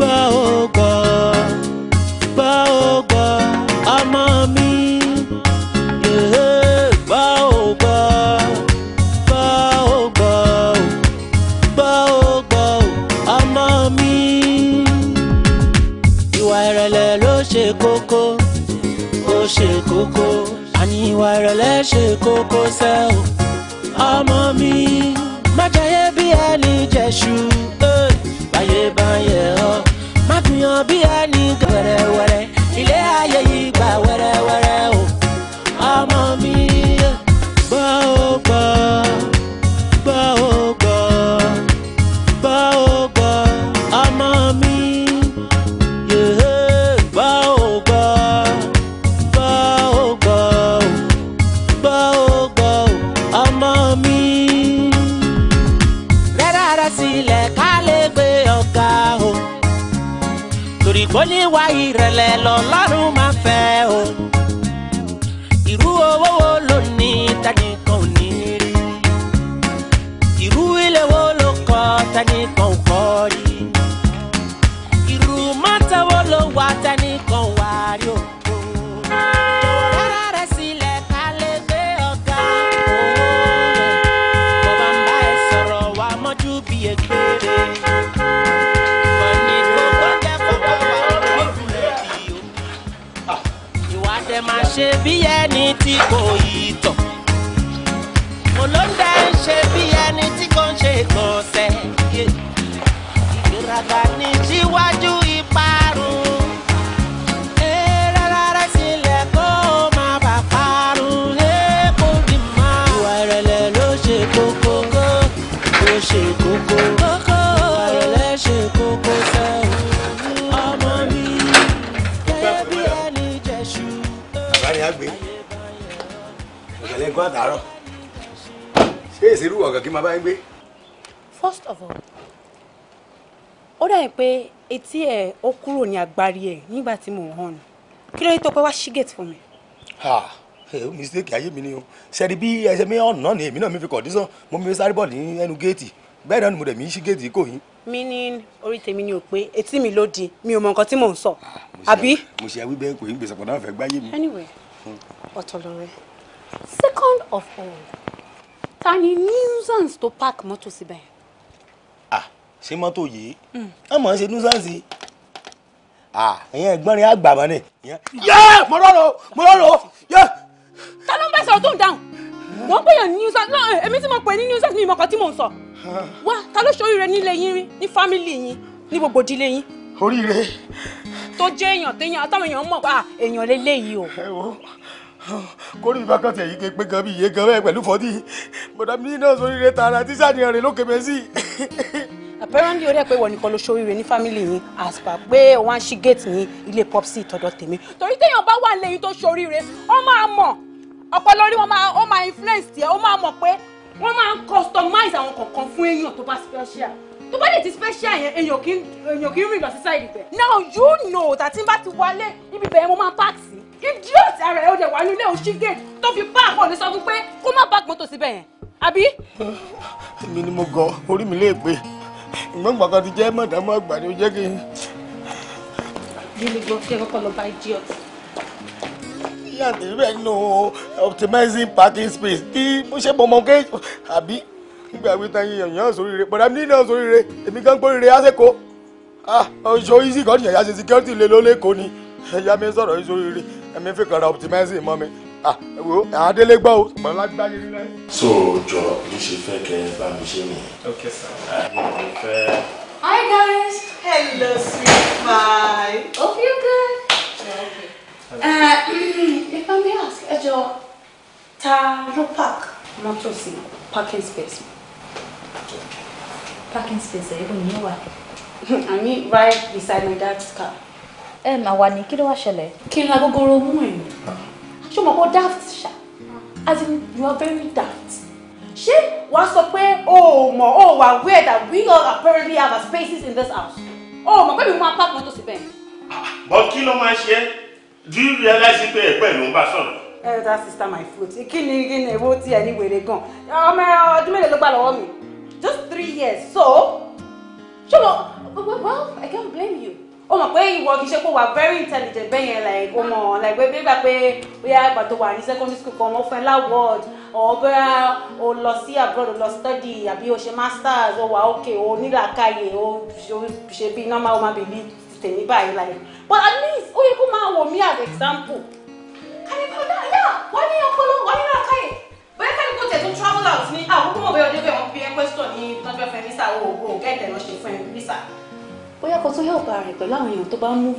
gbọ́ amami. gbọ́ gbọ́ ó gbọ́ ọmọ mi. kókó ó ṣe kókó àní ìwà ìrẹ̀lẹ̀ ṣe kókó sẹ́ o ọmọ mi má jayé bí ẹni jẹ̀ṣu. Oh. Eh. ya ni gabara कोई láàárọ̀ ṣé ìṣerú ọ̀gàn kí n máa bá yín gbé. first of all ó dà yín pé etí ẹ̀ ó kúrò ní agbárí ẹ̀ nígbà tí mò ń hàn kí ló yẹ tó pé wá sí fún mi. ha mistake ayé mi ni o ṣẹ́ni bí ẹsẹ̀ mi ọ̀nà ni èmi náà mi fi condition mo mi fi sáré bọ̀ ní ẹnu géètì bẹ́ẹ̀ náà ni mo dẹ̀ mi ṣí géètì kò yín. mi ní orí tèmi ni ò pé etí mi ló di mi ò mọ nǹkan tí mò ń sọ ah, àbí. mo ṣe àwí bẹ́ẹ̀ kò yín gbèsè pọ̀ náà fẹ́ gbáyé mi. anyway ọ̀tọ̀ lọ rẹ second of all ta ni nuisance to park mọ́tò síbẹ̀. ah ṣé mọ́tò yìí wọ́n mọ̀ ọ́n ṣe nuisance ah ìyẹn ẹ̀gbọ́n rẹ̀ àgbà mọ́ ni. yẹ mo rọrọ mo rọrọ yẹ. ta ló ń bá sọ̀rọ̀ tó ń dáhùn wọ́n pè yàn nuisance náà èmi tí mo pè ní nuisance ni ìmọ̀kàn tí mò ń sọ wá ta ló ṣoríire nílé yín rí ní fámìlì yín ní gbogbo ìdílé yín. oríire. tó jẹ́ èèyàn téèyàn àtàwọn èèyàn mọ̀ pé èèyàn lélẹ́yìí o. ẹ wo kórìí bá kàn tẹ̀ yí pé gan bí iye gan bẹ́ẹ̀ pẹ̀lú fọ́tí bọ̀dá mi náà sóríire tààrà tí sàníyàn rẹ̀ ló kébé sí. apparently ó dẹ̀ pé wọ́n nìkan ló ṣoríire ní fámìlì yín as per pé wọ́n á ṣí gate ní ilé popsi tọ̀dọ̀ tèmi torí téèyàn bá wà lẹ́yìn tó ṣoríire ó máa mọ̀ ọpọlọ rí wọn máa ó máa influence tiẹ̀ ó máa mọ̀ pé wọ́n máa ń customize àwọn kọ̀ọ̀kan fún èèyàn tó bá special tó bá lè ti special yẹn èèyàn kì í rìn lọ sí side ibẹ̀ now you know tàtí bá ti wálé ibi bẹ̀rẹ̀ mo máa park idiot ara ẹ̀ ó dẹ̀ wà nílé òṣì gate tó fi páàkì ọ̀nì sọ fún pé kó má páàkì mọ́tò síbẹ̀ yẹn àbí. èmi ni mo gọ orí mi léèpé ìgbọ́n gbàgbọ́ ti jẹ́ mọ̀dámọ́ àgbà ni ó jẹ́ kí n. gbẹ̀lẹ́gbọ́ kí ẹ kọ́kọ́ lọ bá idiot yàtọ̀ bẹ́ẹ̀ nù optimizing parking space bí mo ṣe mọ̀ mọ́ ké àbí nígbà wí tán yíyan yàn sórí rẹ pẹ̀lú àmì náà sórí rẹ èmi gan gbórí rẹ àsìkò ọ̀ṣọ́ easy kan nìyẹn yà ṣe security lé lólè kò ní ẹ̀yà mi sọ̀rọ̀ yìí sórí èmi fi kọ̀ọ̀rọ̀ optimizing mọ́ mi wo àwọn délé gbọ́ o mọ̀ lágbáyé nílẹ̀. so jọ bí ṣe fẹ́ kẹ bá mi ṣe nìyẹn. ok sir. àmì hi guys hello sweet pie. hope you good. Uh, mm-hmm. if I may ask ẹ jọ ta ló park mọ́tò sí parking space. parking space ẹ̀ ẹ́ bò ní wà. I mean right beside my dad's car ẹ mà wà ní kí ló wá ṣẹlẹ̀. kí n ra gogoro mú ẹ̀ ṣé mo kọ́ daft ṣá as in you are very daft ṣé wàá sọ pé o ò mọ̀ o wà aware that we all apparently have our spaces in this house o ò mọ̀ pé mi máa park mọ́tò síbẹ̀. bọ́ kí ló máa ṣe do you realize pé ẹ̀pẹ́ ló ń bá sọ̀rọ̀. elder eh, sister my foot kí ni kí ni ewo tí ẹ ní wèrè gan ọmọ ọdún mélòó ló gbà lọ́wọ́ mi just three years so ṣé mo well I can't blame you ó mọ̀ pé ìwọ kìí ṣe kó wà very intelligent bẹ́ẹ̀ yẹn like ó mọ̀ like bẹ́ẹ̀ gbà pé bóyá ìgbà tó wà ní secondary school kan wọ́n fún ẹ láwọ́ọ̀d or bóyá o lọ sí abroad o lọ study àbí o ṣe masters o wà okay o nílàkàyè o ṣe bí normal woman baby tèmi báyìí like but at least ó yẹ kó máa wò mí as example kàníkọ́ náà yà wọ́n ní ọpọlọ wọ́n ní làkàyè bẹ́ẹ̀ kàníkọ́ tẹ̀ tún travel out ní àkókò mọ̀ bẹ́ẹ̀ ọdẹ bẹ́ẹ̀ wọ́n fi ẹ question ní tọ́jú ẹ̀fẹ̀ visa o ò gẹ́tẹ̀ lọ ṣe fún ẹ visa bóyá kó tó help ara rẹ̀ pẹ̀lú àwọn èèyàn tó bá mú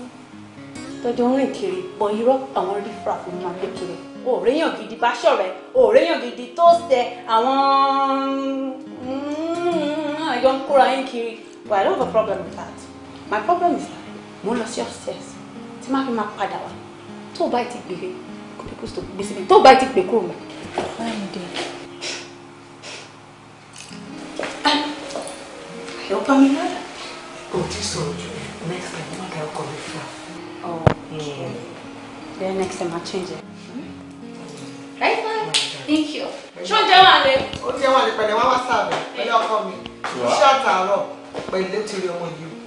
tọjọ́ ń rìn kiri bọ irọ́ àwọn rífra fún máa gbé kiri. òréyàn gidi bá ṣọ̀rẹ́ òréyàn gidi tó ṣe àwọn mm, àjọ ń kóra yín kiri but I don't have a problem with that my problem is that mo lọ sí upstairs tí má fi máa padà wá tó bá ti gbèrè kò dé kó tó gbé síbi tó bá ti gbè kúrò mọ́. I hope I'm kò tí sọ̀rọ̀ jù next time wọ́n dá ọkọ̀ mi fún ọ. okay then next time i change it. right now thank you. ṣé o jẹ́ Okay, lé. ó jẹ́ wà lé pẹ̀lú wá wá sáàbẹ̀ pẹ̀lú ọkọ mi iṣẹ́ àtàárọ̀ pẹ̀lú ti rí ọmọ yìí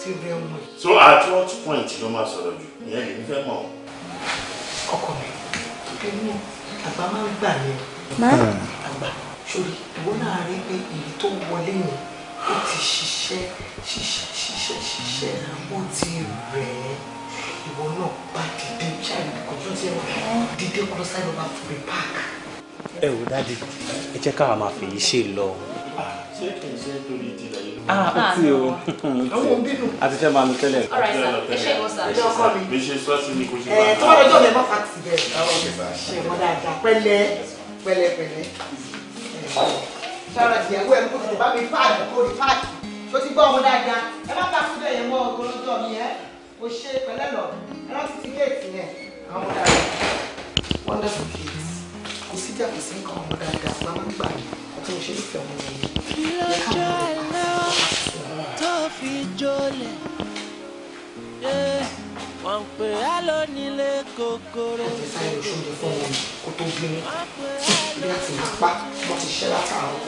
ti rí ọmọ yìí. so at what point ló máa sọ̀rọ̀ jù ìyẹn lèmi fẹ́ mọ̀. Okay. Okay. inú àgbà máa ń gbà ní àgbà sórí ìwọ náà rí pé èyí tó wọlé yẹn ó ti ṣiṣẹ́ ṣiṣẹ́ ṣiṣẹ́ ṣiṣẹ́ ó ti rẹ̀ ẹ́ ìwọ náà bá dìde jáde kọjú tí ẹ wà dìde kọlọ sáré ọba fún mi park. ẹ wò dáàdi ẹ jẹ́ káwa máa fèyí ṣe lọ. Ah, ṣé kì ti a ah, ó ti o ah, a ti fẹ́ máa nu tẹ́lẹ̀. pẹ̀lẹ́ pẹ̀lẹ́ pẹ̀lẹ́ sára ìyàwó ẹ̀ kó tètè bá mi páàkì kó rí páàkì tó ti gbọ́ ọmọ dáadáa ẹ má bàa síbẹ̀ yẹn mọ́ ọgọlọ́jọ́ mi ẹ kò ṣe pẹ̀lẹ́ lọ ẹ rántí ti géètì yẹn àwọn ọmọ dáadáa. wonderful kids kò sí jà kò sí nǹkan ọmọ dáadáa máa ń gbà yín àti òṣèlú ìfẹ́ ọmọ yẹn. kí lọ́jọ́ ẹ̀ lọ́wọ́ tó fi jólẹ̀. Eh wọ́n ń pè á lónílé kòkòrò. wọ́n ti sáré oṣù mi fún wọn kó tó bínú bí a ti pa wọ́n ti ṣẹ́ látàárọ̀.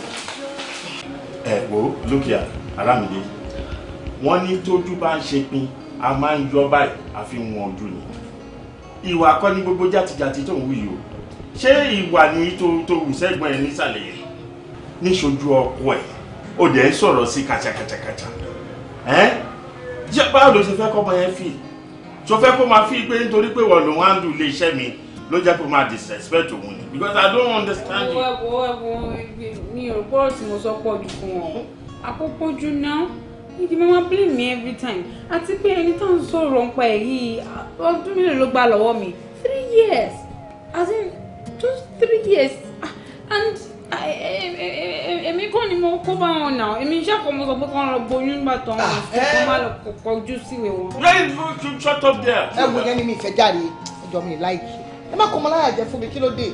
ẹ wo lókìá arámìlẹ wọ́n ní tójú bá ń ṣe pin a máa ń yọ báyìí àfi wọn ojú ni ìwà kọ́ ni gbogbo jàtijàti tó ń wù yìí o ṣé ìwà ni tó wù sẹ́gbọ̀n ẹ nísàlẹ̀ yẹn níṣojú ọkọ ẹ̀ ó dẹ̀ ń sọ̀rọ̀ sí kàchàkàchàkàchà ẹ́ báwo ló ṣe fẹ́ kọ́ ọmọ yẹn fìlì so fẹ́ kó máa fi pé nítorí pé wọ́n lòun á ń dùn ilé iṣẹ́ mi ló jẹ́ kó máa disrespect òun ni because I don't understand you. ẹ̀wọ̀ ẹ̀wọ̀ mi ò gbọ́dọ̀ tí mo sọ pọ̀ jù fún ọ àkókò jù náà ìdí mo máa blame me every time àti pé ẹni tó ń sọ̀rọ̀ ń pa èyí ọdún mélòó ló gbà lọ́wọ́ mi three years as in just three years ah, and Eh, eh, eh, èmi kọ́ ni mo kó bá wọn nà èmi iṣẹ́ kan mo sọ pé kọ́ lọ boyún nígbà tó wọn kọ́ má lọ kọjú sí ìwé wọn. lẹ́yìn ló ti shut up there. ẹ wo yẹn ni mi ìfẹ́ jáde ọjọ́ mi láìkí ẹ má kọ́ ọmọ láyà jẹ fún mi kí ló dé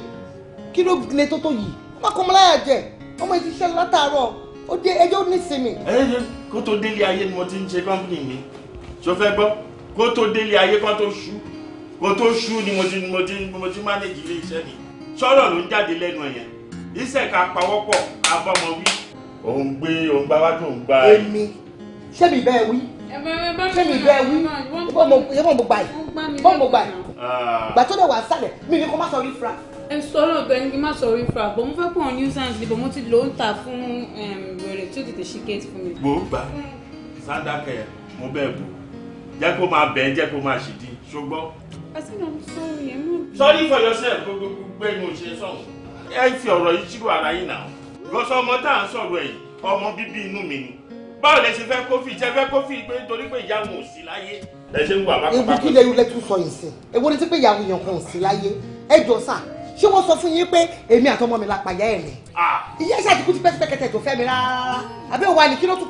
kí ló le tó tó yìí ẹ má kọ́ ọmọ láyà jẹ ọmọ yìí ti látàárọ̀ ó dé ẹjọ́ ní sinmi. ẹ kó tó délé ayé ni mo ti ń ṣe kọ́ńpìnì mi ṣo fẹ́ gbọ́ kó tó délé ayé kó tó ṣú kó tó ṣú ni mo ti mo ti mo ti mánéjì ilé iṣẹ́ mi iṣẹ́ ká pawọ́pọ̀ abọ́mọ wí. òun gbé òun gba wájú òun gba. èmi ṣé mi bẹ́ẹ̀ wí ṣé mi bẹ́ẹ̀ wí ṣé mo gbà yìí mo gbà yìí ah. gbà tó dẹ̀ wà sálẹ̀ mi ni kò má sọ rí fra ẹ sọ̀rọ̀ pé ní kí n má sọ̀rọ̀ ifra bọ̀ mo fẹ́ pọ̀ ní nuisance ni bọ̀ mo ti lò ó ta fún wẹ̀rẹ̀ tí ó tètè ṣe gate fún mi. mo gbà sádàkẹ mo bẹ bù jẹ́ kó máa bẹ jẹ́ kó máa ṣìdí ṣùgbọ́n. àti nà sọ̀rọ̀ yẹn mú. sorry ẹ fi ọ̀rọ̀ yìí ṣírò ara yín náà gọ́sọ ọmọ tá à ń sọ̀rọ̀ ẹ̀yìn ọmọ bíbí inú mi ni báwo lẹ ṣe fẹ́ kófì ṣe fẹ́ kófì pé nítorí pé ìyá wọn ò sí láyé ẹ ṣe ń wà bákan bákan. ìbùkún lẹ́yìn lẹ́tún sọ ìsìn èwo ni tí pé ìyàwó yẹn kan ò sí láyé ẹ jọ sà ṣé wọ́n sọ fún yín pé èmi àtọmọ mi la pàyà ẹ̀ ni. ìyá ẹ̀ṣẹ̀ àti kùtù pẹ́sipẹ́kẹ́tẹ̀ tó fẹ́ mi rárá àbẹ́ wa ni kí ló tún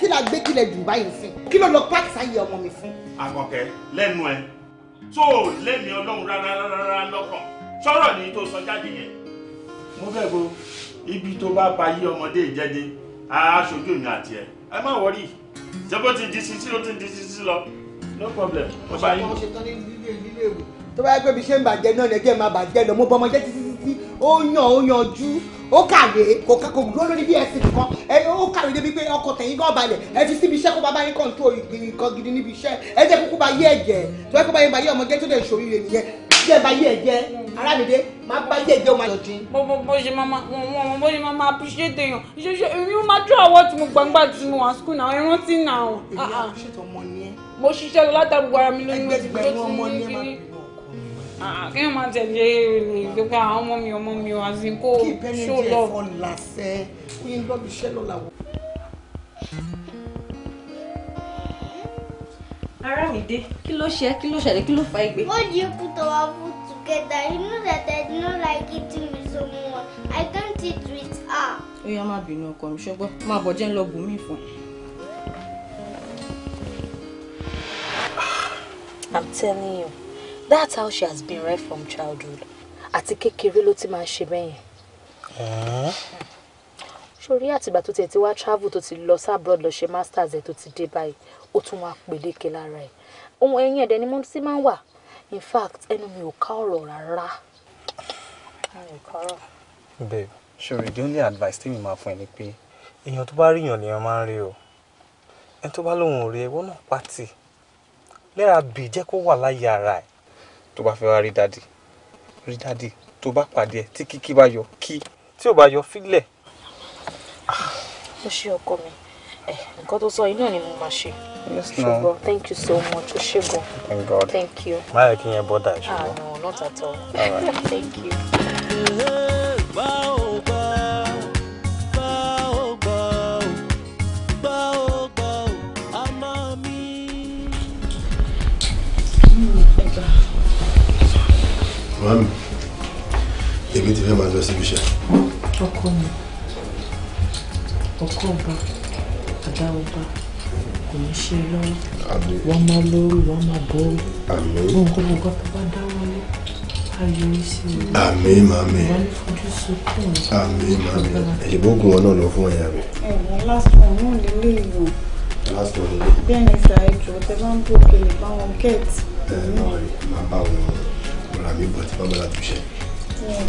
kí la gbé kílẹ̀ dùn báyìí fún kí ló lọ pàkísà yẹ ọmọ mi fún. àkọkẹ lẹ́nu ẹ tó lẹmìí Ọlọ́run rárá rárá lọ́kàn sọ̀rọ̀ ni tó sọ jáde yẹn mo fẹ́ ko ibi tó bá ba yí ọmọdé ìjẹ́dé aṣojú mi àti ẹ̀ ẹ má wọrí ṣé bó ti di sisi ló ti di sisi lọ no problem mo bá yín. tó bá yẹ pé bí ṣe ń bàjẹ́ náà lẹ́gẹ́ máa bàjẹ́ lọ mo bọ́ ọmọ jẹ́ títí títí ó yàn ó yanjú ó kàwé kò kò dúró lórí bí ẹsìn nìkan ẹ ó kàwé débi pé ọkọ tẹ̀yìn gan balẹ̀ ẹ fi síbi iṣẹ́ kó bá bá yín kàn tó nǹkan gidi níbi iṣẹ́ ẹ jẹ́ kókó bá yé ẹ̀jẹ̀ tó yẹ kó bá yín bá yé ọmọ jẹ́ tó dẹ̀ ṣòrí rẹ̀ nìyẹn jẹ́ bá yẹ̀ jẹ́ arábìdé máa bá yẹ̀ jẹ́ o máa yọ̀tí. bó bó bó ṣe máa wọn bó ṣe máa máa appreciate èèyàn ṣe ṣe èmi ó máa draw award tí mo gbàgbà tí mo wà school náà ẹran tí nà ọ. ìyá ṣètò ọmọ ni ẹ. mo ṣiṣẹ́ lọ látàrí gbogbo ara mi lóyún oṣù tó ti ní kiri. Ah, ah, kí n máa tẹ̀lé ìgbẹ́pẹ́ àwọn ọmọ mi ọmọ mi wá sí kó ṣó lọ. kí ìbẹ́ni jẹ́ fọ́ làṣẹ ara mi dé kí ló ṣe kí ló ṣẹlẹ̀ kí ló fa igbe. why do you put our food together you know that i no like eating with someone i can't eat with her. ó yá má bínú ọkọ mi ṣọgbọ́n máa bọ̀ jẹ́ ń lọ bù mí fún i'm telling you that's how she has been right from childhood àti kékeré ló ti máa ṣe bẹ́yẹn sórí àtìgbà tó tiẹ̀ ti wá travel tó ti lọ sábúrọ̀d lọ ṣe masters ẹ̀ tó ti dé báyìí ó tún wá peléke lára ẹ̀ ohun ẹ̀yìn ẹ̀dẹ̀ ni mo ti máa ń wà in fact ẹnu mi ò ká ọ̀rọ̀ rárá. babe sori the only advice tèmi máa fún ẹ ni pé èèyàn tó bá rí èèyàn lèèyàn máa ń rí o ẹni tó bá lóun ò rí ẹ wọ́n náà pàtì lẹ́ra bì jẹ́ kó wà láyé ara ẹ̀ tó bá fẹ́ wá rí dáàdì rí dáàdì tó bá pàdé ẹ tí kíkí bá yọ kí tí ò bá yọ fílẹ̀ ó ṣe ọkọ mi eh, nǹkan tó sọ yìí náà ni mo máa ṣe. ṣùgbọ́n thank you so much ó ṣe gan. thank God thank you. má yẹ kí n yẹn bọ́dà ṣùgbọ́n. ah no not at all. thank you. Mami, èmi ti fẹ́ máa lọ síbi iṣẹ́. Ọkọ mi ọkọ ọba ada ọba kò ní ṣe lọ́wọ́ wọ́n máa lórí wọ́n máa bọ́ọ̀rù gbọ́n kó gbogbo tó bá dáwọ́lé àmín màmí àmín màmí ìbò gun wọn náà lọ fún ẹyà mi. ẹ̀wọ̀n lásán náà nílé ìwọ̀n bẹ́ẹ̀ ni ṣàìjọ tẹ bá ń bò kele báwọn gẹ̀ẹ́tì. ẹ náà bá wọn rà mí bọ̀ tí bá bá la túṣẹ́.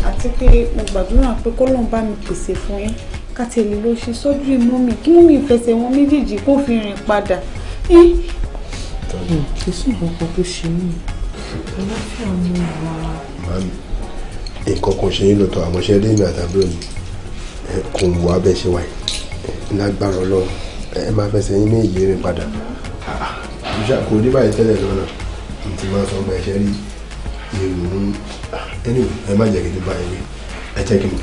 àti pé mo gbàdúrà pé kọ́lọ́n bá mi pèsè fún yín káti èlé ló ṣe sọ́jú mọ́mì kí mọ́mì ìfẹsẹ̀ wọn méjèèjì kó fi rìn padà. kò sí ìgbọ̀ngàn tó ṣe mí ọlọ́fẹ́ ọmọ wa. màámi nǹkan kan ṣe yín lọ́tọ̀ àmọ́ ṣe rí ìrìn àtàbúrò mi kò ń wọ abẹ́ ṣe wáyé lágbára ọlọ́run ẹ máa fẹsẹ̀ yín ní ìyè rìn padà kò ní báyìí tẹ́lẹ̀ lọ́nà tí máa sọ ọmọ ẹ̀ṣẹ́ rí èrò ń ẹni ẹ má jẹ́ kí n bá yẹn ẹ jẹ́ kí n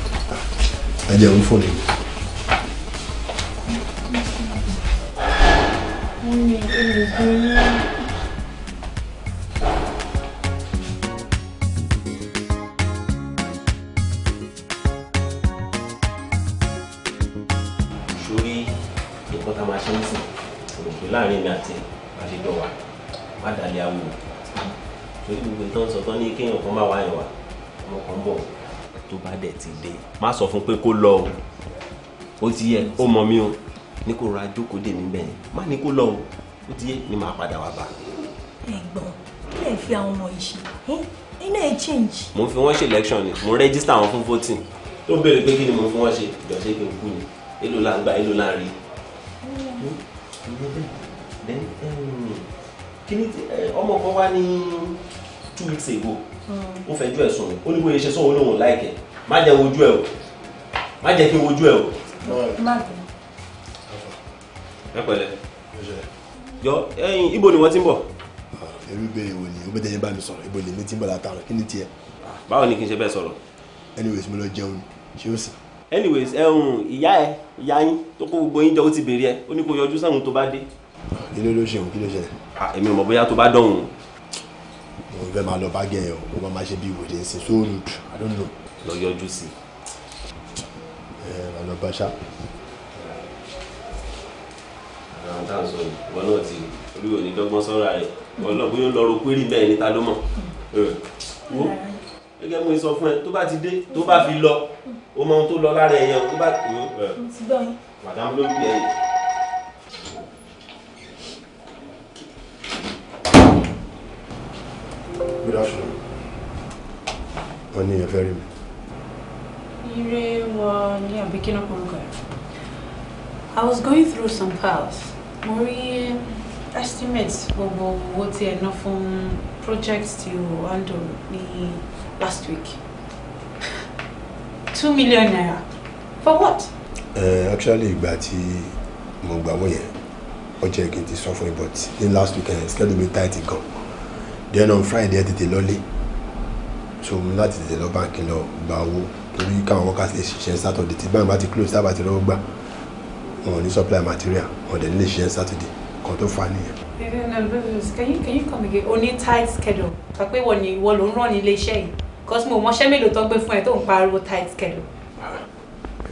ajẹun fún ni. sórí nǹkan tá a máa ṣe ń sìn òkè láàrin mi àti àṣejọwà má dàlẹ́ àwò sórí gbogbo ìtàn sọ̀tọ́ ní kéèyàn kan máa wáyàn wá ọmọ kan bọ̀ tó bá dẹ̀ ti dé má sọ fún pé kó lọ o ó ti yẹ ó mọ mi o ní kó ra jókòó dè mí bẹ́ẹ̀ má ní kó lọ o ó ti yẹ ni màá padà wá bá. ẹ̀gbọ́n ilé ìfi àwọn ọmọ yìí ṣe iná ẹ̀ change. mo ń fi wọ́n ṣe election ni mo ń rẹ́gísítà wọn fún voting tó béèrè pé kí ni mo ń fi wọ́n ṣe ìjọsẹ kí n kú ni èlò là ń gbà èlò là ń rí. Um, kí ni ọmọ kan wá ní two weeks ago Hmm. ó fẹjú ẹ̀ sùn ó ní bóyá ṣe sóhun lòun láìkẹ́ má jẹ́ wojú ẹ̀ o má jẹ́ kí n wojú ẹ̀ o. ẹ pẹ̀lẹ́ yọ ẹyin ibo ni wọ́n ti ń bọ̀. ẹrú ìbéèrè wo ni ó bẹ́ẹ̀ bá mi sọ̀rọ̀ ibo lèmi ti ń bọ̀ látàrọ̀ kí ni tiẹ̀. báwo ni kí n ṣe bẹ́ẹ̀ sọ̀rọ̀. anyways mo lọ jẹun ṣé ó sì. anyways ẹhun ìyá ẹ ìyá yín tó kó gbogbo yín jọ ó ti béèrè ẹ ó ní kó yọjú sáwọn tó bá dé. kí ló ló ṣe òun kí ló ṣẹlẹ̀. èmi ò mọ̀ bóyá tó bá dọ̀hún mo fẹ́ máa lọ bá gẹ̀yàn o máa máa ṣe bí ìwé dẹ́sẹ̀ so rude i don't know. lọ yọjú sí i. ẹ ẹ máa lọ bá ṣá. àwọn táwọn sọ ìwọ náà ti orí òní dọ́gbọ́n sọ́ra rẹ̀ wọ́n lọ bóyá lọ́ọ́ ro péré bẹ́ẹ̀ ni ta ló mọ̀ wo gẹ́gẹ́ mo sọ fún ẹ tó bá ti dé tó bá fi lọ o mọ ohun tó lọ lára ẹ̀yàn tó bá. madam ló ń bí ẹ̀yìn. Good afternoon. Wọ́n ní ẹ̀fẹ́ rí mi. Ire wọ ní àbíkínà orúkọ ẹ̀. I was going through some files. Mo rí estimate gbogbo owó tí ẹ̀ ná fún project tí o handle ní last week. Two million naira. For what? actually, ìgbà tí mo gbàwó yẹn, ọjọ́ ìgbìn ti sọ fún ibọ̀ ní last week ẹ̀ eh, schedule mi tight gan then on friday ẹ tètè lọlé so mo láti tètè lọ báńkì lọ gba owó torí káwọn workers lè ṣiṣẹ́ saturday tí báńkì bá ti close tábà ti lọ́wọ́ gbà wọn ò ní supply material wọn ò dẹ̀ ní lè ṣiṣẹ́ saturday kan tó fa nìyẹn. can you can you come again o tight schedule sọ pé wọ́n ni ìwọ ló ń rán ní ilé iṣẹ́ yìí cos mo mọṣẹ́ mélòó tó gbé fún ẹ tó ń pariwo tight schedule.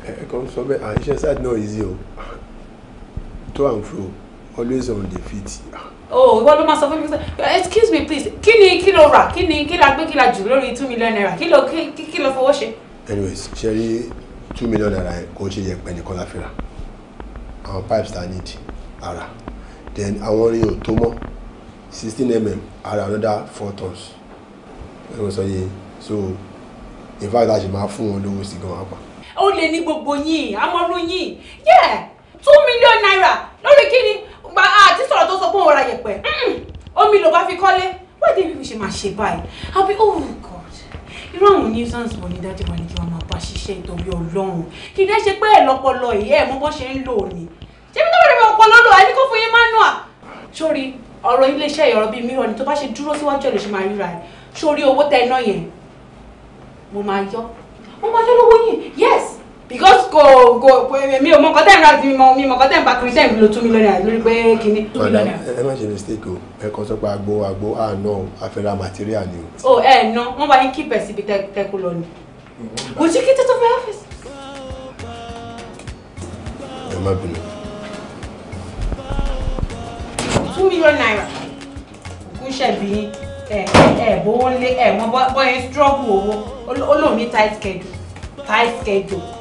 ẹ kàn sọ bẹ́ẹ̀ àìṣe side náà easy o to and fro always on the feet oh ìwọ ló máa sọ fún mi excuse me please kí ni kí ló rà kí ni kí la gbé kí la jù lórí two million naira kí ló kí ló fowó ṣe. anyways ṣe rí two million naira yẹn kò ṣe yẹ pẹ́ nìkan la fi rà àwọn pipes ta need ara then àwọn orin ò tó mọ́ sixteen mm ara another four tons ẹ̀rọ sọ yìí so in fact a ṣe máa fún wọn lówó sí gan-an pa. ó lè ní gbogbo yín àmọ́rú yín yẹ́ẹ̀ two million naira lórí kí ni gba àti sọ̀rọ̀ tó sọ pé òun ra yẹ̀pẹ̀ omi ló bá fi kọ́lé why dey people ṣe máa ṣe báyìí be, oh god irú àwọn nuisance wo ni dájú wa ni kí wọn máa bá ṣiṣẹ́ ìtọ́jú ọlọ́run kì í dẹ́ ṣe pé ẹ̀ lọ́pọlọ ìyá ẹ̀ mọ́ bọ́ ṣe ń lò ní ṣé bí tó bẹ̀rẹ̀ ọpọlọ lò ẹni kó fún yín manual sórí ọ̀rọ̀ iléeṣẹ́ ìyọ̀rọ̀ bíi mìíràn ni tó bá ṣe dúró síwájú ẹ̀ ló ṣe máa ríra ẹ̀ sórí owó tẹ iná yẹn mo máa yọ mo máa yọ lówó yìí yes because kò kò mi ò mọ nǹkan tẹ́ ń ra ti mọ mi mọ nǹkan tẹ́ ń bá kiri tẹ́ ń lo two million naira lórí pé kinní. ọ̀dà ẹ má ṣe mistake o ẹ kàn sọ pé agbo agbo àná àfẹ́ra material ni o. o ẹ ná wọn bá yín kí pẹ̀sì ibi tẹ́kù lọ ni kò sí kí tẹ́tọ́ fẹ́ ọ́fíìsì. ẹ má bínú. two million naira kò ṣẹ̀bi ẹ̀ ẹ̀ bówó lé ẹ̀ wọ́n bọ́ yẹn struggle owó olómi tight schedule tight schedule.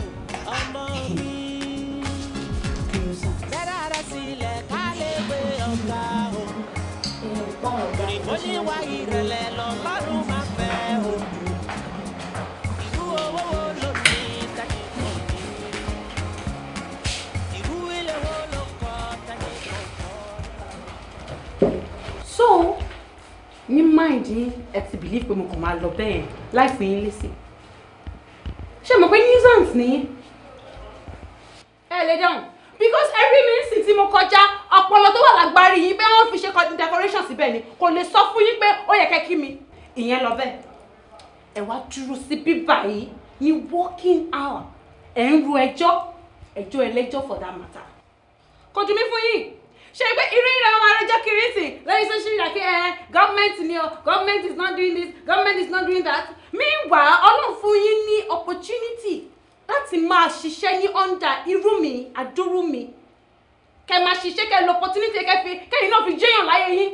ní mind yín ẹ ti believe pé mo kàn máa lọ bẹ́ẹ̀ láì fún yín lésì ṣé mo pé nuisance nìyí ẹ lè dáhùn because every minute tí mo kọjá ọpọlọ tó wà lágbárí yín bẹ́ẹ̀ wọ́n fi ṣe decoration síbẹ̀ ni kò lè sọ fún yín pé ó yẹ kẹ́ kí mi ìyẹn lọ bẹ́ẹ̀ ẹ wá dúró sí bíbà yìí ní working hour ẹ̀ ń ru ẹjọ́ ẹjọ́ ẹlẹ́jọ́ for that matter kò dùn mí fún yín ṣe pé irú yìí làwọn arẹjọ kiri sìn lórí social media kí ẹ eh, government ni o government is not doing this government is not doing that meanwhile ọlọ́run fún yín ní opportunity láti máa ṣiṣẹ́ ní under irú mi àdúrú mi kẹ máa ṣiṣẹ́ kẹ lo opportunity kẹ fi kẹyìn náà fi jẹ́yàn láyé yín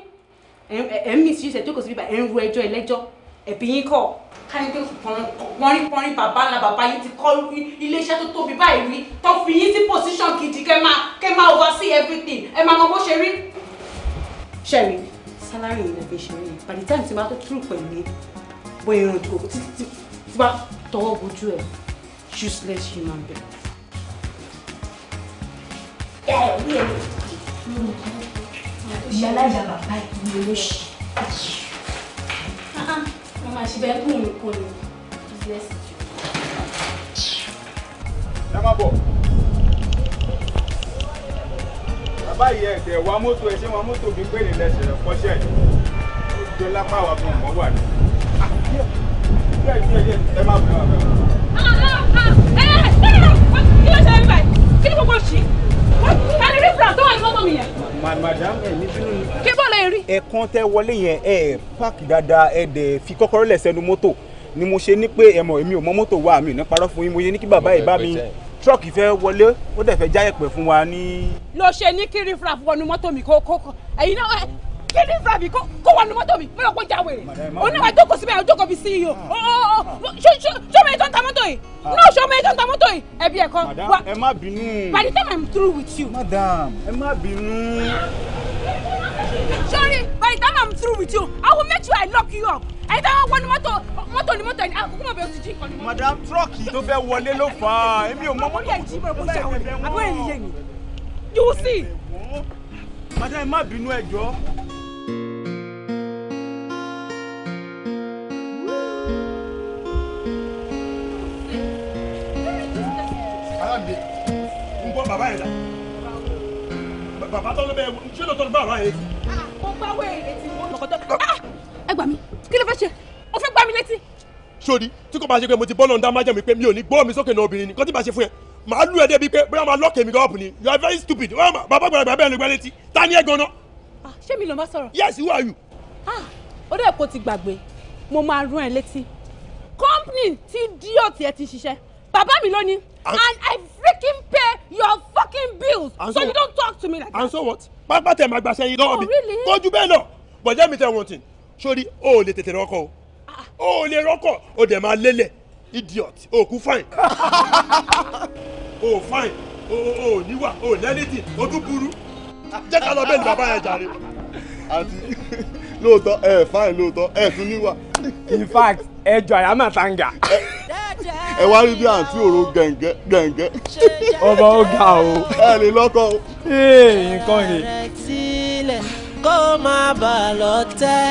ẹ̀ ẹ̀ miss yìí ṣètò kò sí bíbá ẹ̀ ń ro ẹjọ́ ẹlẹ́jọ́ ẹ̀bí yín kọ̀ ká ní pé pọ́nrín bàbá ńlá bàbá yín ti kọ́ iléeṣẹ́ tó tóbi báyìí rí tó fi yín sí position gidi kẹ́ máa kẹ́ máa oversee everything ẹ máa mọ bó ṣe rí. ṣẹ́mi sálárì yìí lẹ́fẹ̀ẹ́ ṣe rí by the time tí máa tó túrù pẹ̀lú bóyá irun tí kò tí bá tọwọ́ bojú ẹ̀ useless human being. ìyá alájà bàbá ìlú olóṣì máa ṣe bẹ́ẹ̀ kún mi kún mi business ju. ẹ má bọ̀ bàbá yìí ẹ̀ tẹ̀ wá mọ́tò ẹ̀ ṣé wọn mọ́tò fi pé nílẹ̀ ṣẹ̀rẹ̀ kọ́ṣẹ́ ẹ̀ ó jọ lápá wa fún ọmọ wà ní. Ah, ẹ má bọ̀ ẹ má bọ̀. ẹ ẹ ẹ kí ló ṣe é báyìí kí ló kọ́kọ́ ṣí ẹ lè rí fúlà tó wà ní mọ́tò mi yẹn madam ẹ ní bínú ni. kí bọ́ lè rí. ẹ̀kan tẹ wọlé yẹn ẹ páàkì dáadáa ẹ dẹ̀ fi kọ́kọ́rọ́ lẹ̀ sẹ́nu mọ́tò ni mo ṣe ní pé ẹ mọ̀ èmi ò mọ mọ́tò wa mi ò ní parọ́ fún yín mo yẹ ní kí bàbá ẹ̀ bá mi tírọ̀kì fẹ́ wọlé ó dẹ̀ fẹ́ jáyẹ̀pẹ̀ fún wa ní. ló ṣe ní kí rífra wọnú mọ́tò mi kó kó ẹ̀yin náà kí ni sàbí kó wà ní mi mo lọ oníwà jókòó síbẹ̀ àjókòó bí CEO ṣọmọ ẹjọ́ ń ta mọ́tò yìí ah. no ṣọmọ ẹjọ́ ń ta mọ́tò yìí ẹbí ẹ̀kọ́ wa ẹ má bínú by the time i'm through with you. madam ẹ má bínú. sorry by the time i'm through with you i will make sure i lock you up ẹni tí wọn wọ ní mọ́tò mọ́tò ní mọ́tò ẹni àkókò mọ bẹ́ẹ̀ ti jí ìkànnì mọ́tò. madam trọọkì tó fẹ́ wọlé ló fà á èmi ò mọ mọ́tò. ọmọ ìjì bọ̀rọ̀ kó jà wọlé àbúrò ìyẹn ni you will see. madam ẹ má bínú ẹ dé ń gbọ́ bàbá yẹn la bàbá tó ló bẹ ṣé lóòótọ́ ló bá ọ̀rọ̀ yẹn. Ah, mo bá wẹ̀ ẹ̀ létí mo lọ́kọ̀dọ́. Ah! Ah! ẹ gbà mí kí ló fẹ́ o fẹ́ gbá mi létí. sori tí kò bá ṣe pé mo ti bọ́ lọ́ndà májẹ̀mí pé mi ò ní gbọ́ mi sókè náà ni kò tí bá ṣe fún yẹn màá lù ẹ débi pé bóyá máa lọ́ọ̀kì mi gan ọ̀pù you are very stupid wọ́n oh, mà bàbá gbàgbà bẹ́ẹ̀ ló gbẹ́ létí ta ni ẹ gan ṣé mi ló máa sọ̀rọ̀. yes who are you. ah ó dẹ̀ kó ti gbàgbé mo máa rún ẹ létí company tí díọ̀tì ẹ ti ṣiṣẹ́ bàbá mi ló and, and I freaking pay your fucking bills so, so you don't talk to me like and that. and so what my pápá tẹ ma gbàṣẹ yín lọ́wọ́ oh, mi kojú bẹ́ẹ̀ náà bọ̀jẹ́ mi tẹ wọn tì sórí o ò lè tètè rọ́kọ̀ ah. o ò lè rọ́kọ̀ o dẹ̀ máa lélẹ̀ idiot o kú fine Oh fine Oh o níwà o lẹ́nìtì o Oh do buru. Just lọ bẹ́ẹ̀ ni bàbá yẹn jàre. àti lóòótọ́ ẹ̀ fine lóòótọ́ Eh, tún níwà. in fact ẹjọ àyàmà tanga. ẹ wá rí bí àǹtí òru gẹ̀ǹgẹ̀ gẹ̀ǹgẹ̀. ọmọ ó ga o. ẹ lè lọ́kọ̀ o. nǹkan rè. kó má bà lọ tẹ́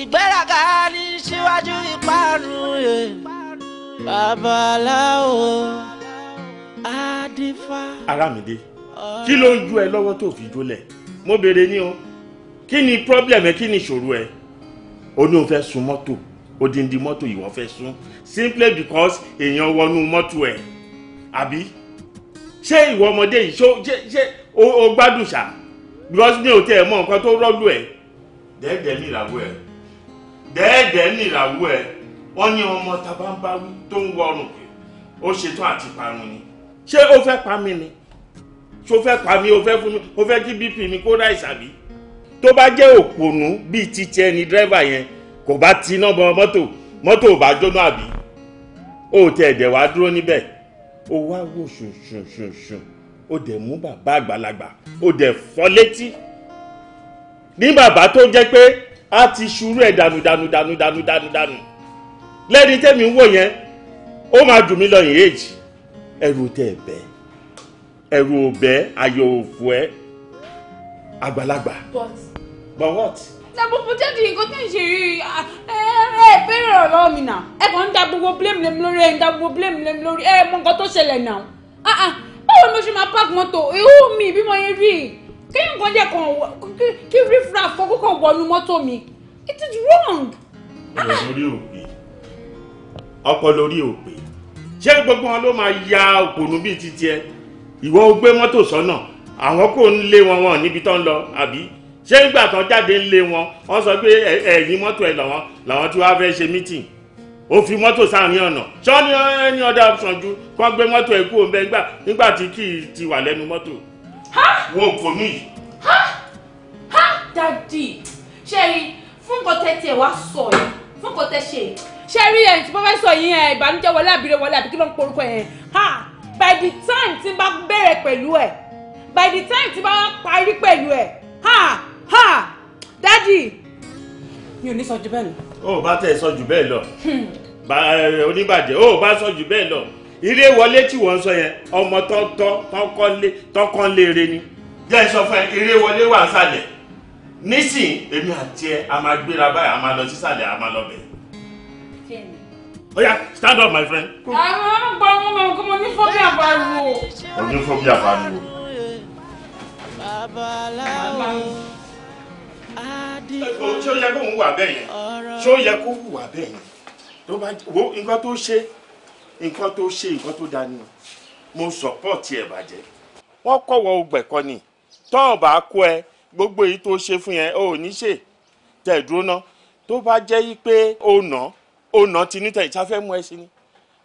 ìgbéraga ní síwájú ìparun rẹ̀ babaláwo adífá. Àràmídé kí ló ń ju ẹ lọ́wọ́ tó fi jólẹ̀ mo béèrè ní o kí ni problem ẹ kí ni ìṣòro ẹ ó ní òun fẹ́ sun mọ́tò odindi mọ́tò yìí wọ́n fẹ́ sun simply because èèyàn wọnú mọ́tò ẹ̀ àbí ṣé ìwọ ọmọdé yìí ṣé ṣé o gbádùn ṣá because mi ò tẹ ẹ mọ nǹkan tó rọ́lù ẹ̀ dẹ́ẹ̀dẹ́ nìràwọ̀ ẹ̀ dẹ́ẹ̀dẹ́ nìràwọ̀ ẹ̀ wọ́n ní ọmọ tabambáwí tó ń wọrùn pé ó ṣetán àti parun ni ṣé o fẹ́ pa mí ni ṣé o fẹ́ pa mí o fẹ́ fún mi o fẹ́ kí bp mi kó ráìsì àbí tó bá jẹ́ òpònú bíi titi ẹni dírẹ́fà yẹn kò bá tiná bọ mọ́tò mọ́tò ò bá jóná àbí ó tẹ ẹ̀dẹ̀ wá dúró níbẹ̀ ó wá wò ṣùnṣùnṣùnṣùn ó dẹ̀ mú bàbá àgbàlagbà ó dẹ̀ fọ́ létí ní bàbá tó jẹ́ pé a ti ṣurú ẹ̀ dànù dànù dànù dànù dànù dànù lẹ́ni tẹ́mi ń wò yẹn ó máa dùn mí lọ èjì ẹrù tẹ ẹ bẹ́ẹ̀ ẹrù ò bẹ́ẹ̀ ayọ̀ ẹ àgbàlagbà. but but what. ṣàbùkù jáde nǹkan tí ń ṣe rí ẹ ẹ bẹ̀rẹ̀ ọ̀rọ̀ mi nà ẹ kàn ń da gbogbo blame lem lórí ẹ ń da gbogbo blame lem lórí ẹ mọ nǹkan tó ṣẹlẹ̀ nà ah, ah, báwo ni mo ṣe máa park mọ́tò ihu mi bí mo yẹn rí kí nǹkan jẹ́ kàn kí rífra fọkúkọ̀ wọnú mọ́tò mi it is wrong. ọ̀rọ̀ lórí òpè ọkọ̀ lórí òpè ṣé gbogbo wọn ló máa ya òpònú bíi titi ẹ ìwọ gbé mọ́tò sọ́nà àwọn kò ń lé wọn wọn níbi tó ń lọ àbí ṣé nígbà tó jáde ńlé wọn wọ́n sọ pé ẹ̀yìn mọ́tò ẹ̀ lọ́wọ́ làwọn tí wàá fẹ́ ṣe mítìn ó fi mọ́tò sáàrin ọ̀nà ṣọ́ ní ẹni ọ̀dà ọ̀sán ju kó gbé mọ́tò ẹ̀ kú òǹbẹ́ nígbà tí kì í ti wà lẹ́nu mọ́tò. wo kò ní. ha ha dadi ṣe rí fún kọtẹ tiẹ wá sọ yìí fún kọtẹ ṣe ṣe rí ẹ tí mo yìí ẹ ìbànújẹ́ wọlé àbíre wọlé àbí kí ló ń porúkọ yẹn ha by the time tí n bá bẹ̀rẹ̀ pẹ̀lú ẹ by the time tí n bá parí pẹ̀lú ẹ ha ha dádì mi ò ní sọ jù bẹ́ẹ̀ lọ. ó bá tẹ̀ sọ jù bẹ́ẹ̀ lọ hmm. oníbàjẹ́ ó bá sọ jù bẹ́ẹ̀ lọ ilé wọlé tí wọ́n sọ yẹn ọmọ tọ́tọ́ tọ́kànlére ni jẹ́ sọ fún ẹ ilé wọlé wà sálẹ̀ nísìn èmi àti ẹ a máa gbéra báyìí a máa lọ sísàlẹ̀ a máa lọ bẹ̀. oya stand up my friend. àwọn ọmọ ọmọ ọmọ ọmọ ní fọ́bí àbáwò. onífọ́bí àbáwò. babaláwo ṣé ó yẹ kó ń wà bẹ́ẹ̀ yẹn ṣé ó yẹ kó wà bẹ́ẹ̀ yẹn tó bá wo nǹkan tó ṣe nǹkan tó ṣe nǹkan tó dání mo sọpọ́ọ̀tì ẹ̀ bàjẹ́ wọ́n kọ̀wọ́ ogbẹ̀kọ ni tọ́ ọ̀ bá kó ẹ gbogbo èyí tó ṣe fún yẹn ò ní ṣe tẹ̀ dúró ná tó bá jẹ́ yí pé ó nà ó nà tinútẹ̀ ìsáfẹ́ mú ẹ sí ni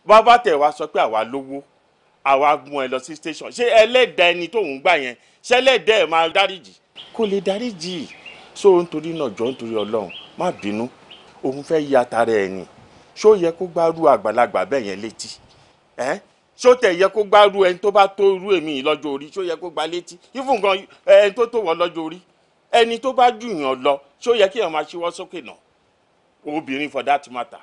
bàbá tẹ̀ wá sọ pé àwa lówó àwa mú ẹ lọ sí station ṣé ẹlẹ́dàá ẹni tó ń gbà yẹn ṣẹlẹ́dàá ẹ máa dáríjì kò lè dáríjì so nítorí náà jọ nítorí ọlọ́run má bínú òun fẹ́ ya tara ẹ̀ ni ṣó yẹ kó gbárù àgbàlagbà bẹ́ẹ̀ yẹn létí ẹ́ ṣó tẹ̀ yẹ kó gbárù ẹni tó bá tó irú èmi yìí lọ́jọ́ orí ṣó yẹ kó gba létí ífún gan ẹni tó tó wọ́ lọ́jọ́ orí ẹni tó bá jù yàn lọ ṣó yẹ kí èèyàn máa ṣíwọ́ sókè náà obìnrin for that matter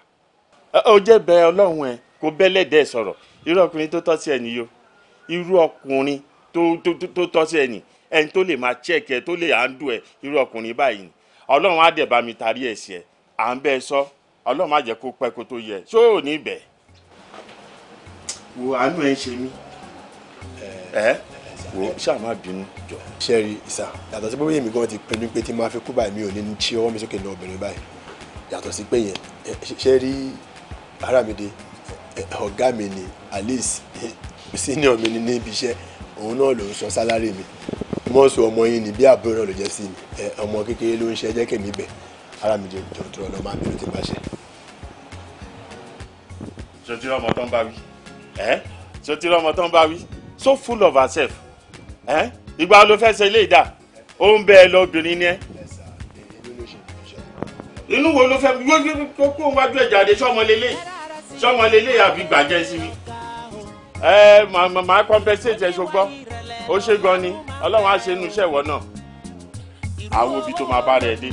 ó jẹ́ bẹ ọlọ́run ẹ kó bẹ́lẹ́dẹ̀ sọ̀rọ̀ irú ọkùnrin tó tọ́ sí ẹ nìyó irú ọkùnrin tó tọ́ sí ẹ nìyó ẹni tó lè máa check ẹ tó lè handle ẹ irú ọkùnrin báyìí ni ọlọ́run á dẹ̀ mi tarí ẹ̀ sí ẹ à ń bẹ́ẹ̀ sọ ọlọ́run á jẹ́ kó pẹ́ kó tó yẹ ṣó ò ní bẹ̀. wo àánú ẹ ń ṣe ẹ ẹ wo ṣáà bínú jọ. sẹ́ẹ̀rì ìsà yàtọ̀ sí bóyá èmi gan ti pinnu pé tí máa fi kú báyìí mi ò ní ní tí ọwọ́ mi sókè obìnrin báyìí yàtọ̀ sí pé yẹn sẹ́ẹ̀rì Alice senior mi ni òun náà ló ń sọ sálárì mi mo sọ ọmọ yín ní bí àbúrò náà ló jẹ́ sí mi ẹ ọmọ kékeré ló ń ṣe ẹjẹ́ kèmí bẹ̀ ara mi jẹ jọ̀tọ̀ ọ̀nà máa bẹ̀rù ti bá ṣe. sotí ọmọ tó ń bá wí ẹ ọmọ tó ń bá wí so full of herself ìgbà ló fẹ́ ṣe ilé ìdá ó ń bẹ ẹ lọ ni ẹ inú wo ló fẹ́ kó kó wájú ẹ̀jáde sọ́mọ lélẹ̀ sọ́mọ lélẹ̀ àbí gbàjẹ́ sí mi ẹ màá compensate ẹ ṣùgbọ́n ó ṣe gan ni ọlọ́run á ṣe inú iṣẹ́ ìwọ náà àwọn òbí tó máa bá rẹ̀ dé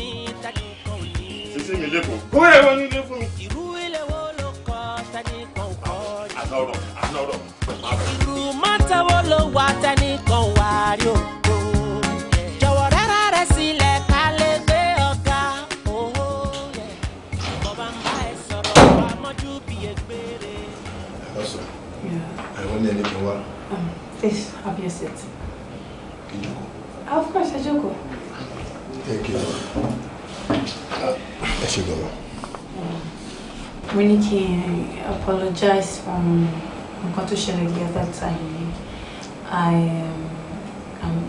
sísí mi lẹ́kọ̀ọ́ kó rẹ̀ wọ́n nílé fún mi. irú ilé wo ló kọ́ tani kan kọ́ rí. àná ọ̀rọ̀ irú mọ́tàwó ló wà tani kan wà rí o. Please, have your seat. Of course, Ajoko. Thank you. Ẹ ṣé gan-an. Mo ní apologize for what tó ṣẹlẹ̀ the other time. I am um,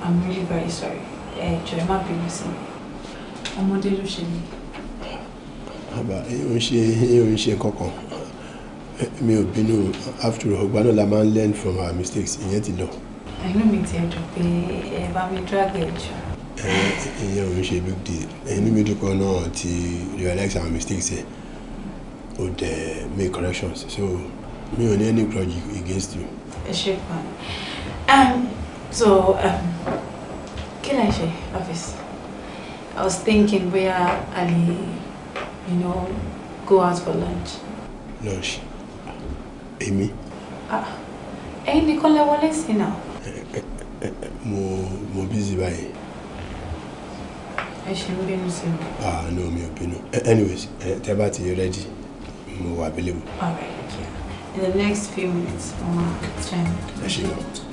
I'm, I'm really very sorry. Ẹ jọ̀ọ́ ẹ má bínú sí mi. Ọmọdé ló ṣe mí. Bàbá, èyí ò ń ṣe eh, mi ò bínú after all ọgbà la máa ń learn from our mistakes ìyẹn ti lọ. àìnú mi ti ẹ̀dùn pé ẹ bá mi drag ẹ̀ jù. ìyẹn ò ń ṣe big deal inú mi dúpọ̀ náà ti realize our mistakes ẹ̀ o dẹ̀ make corrections so mi ò ní any grudge against you. ẹ ṣe pa um, so um, kí ni a ṣe office I was thinking bóyá a you know go out for lunch. Lunch èmi. Ah, ẹ̀yin nìkan lẹ wọlé sí náà. mo mo bízì báyìí. ẹ ṣe ń bínú sí mi. ah no mi ò bínú eh, anyways eh, tẹ bá ti rẹ́dí mo wà available. all right yeah. in the next few minutes mo máa try. ẹ ṣe lọ.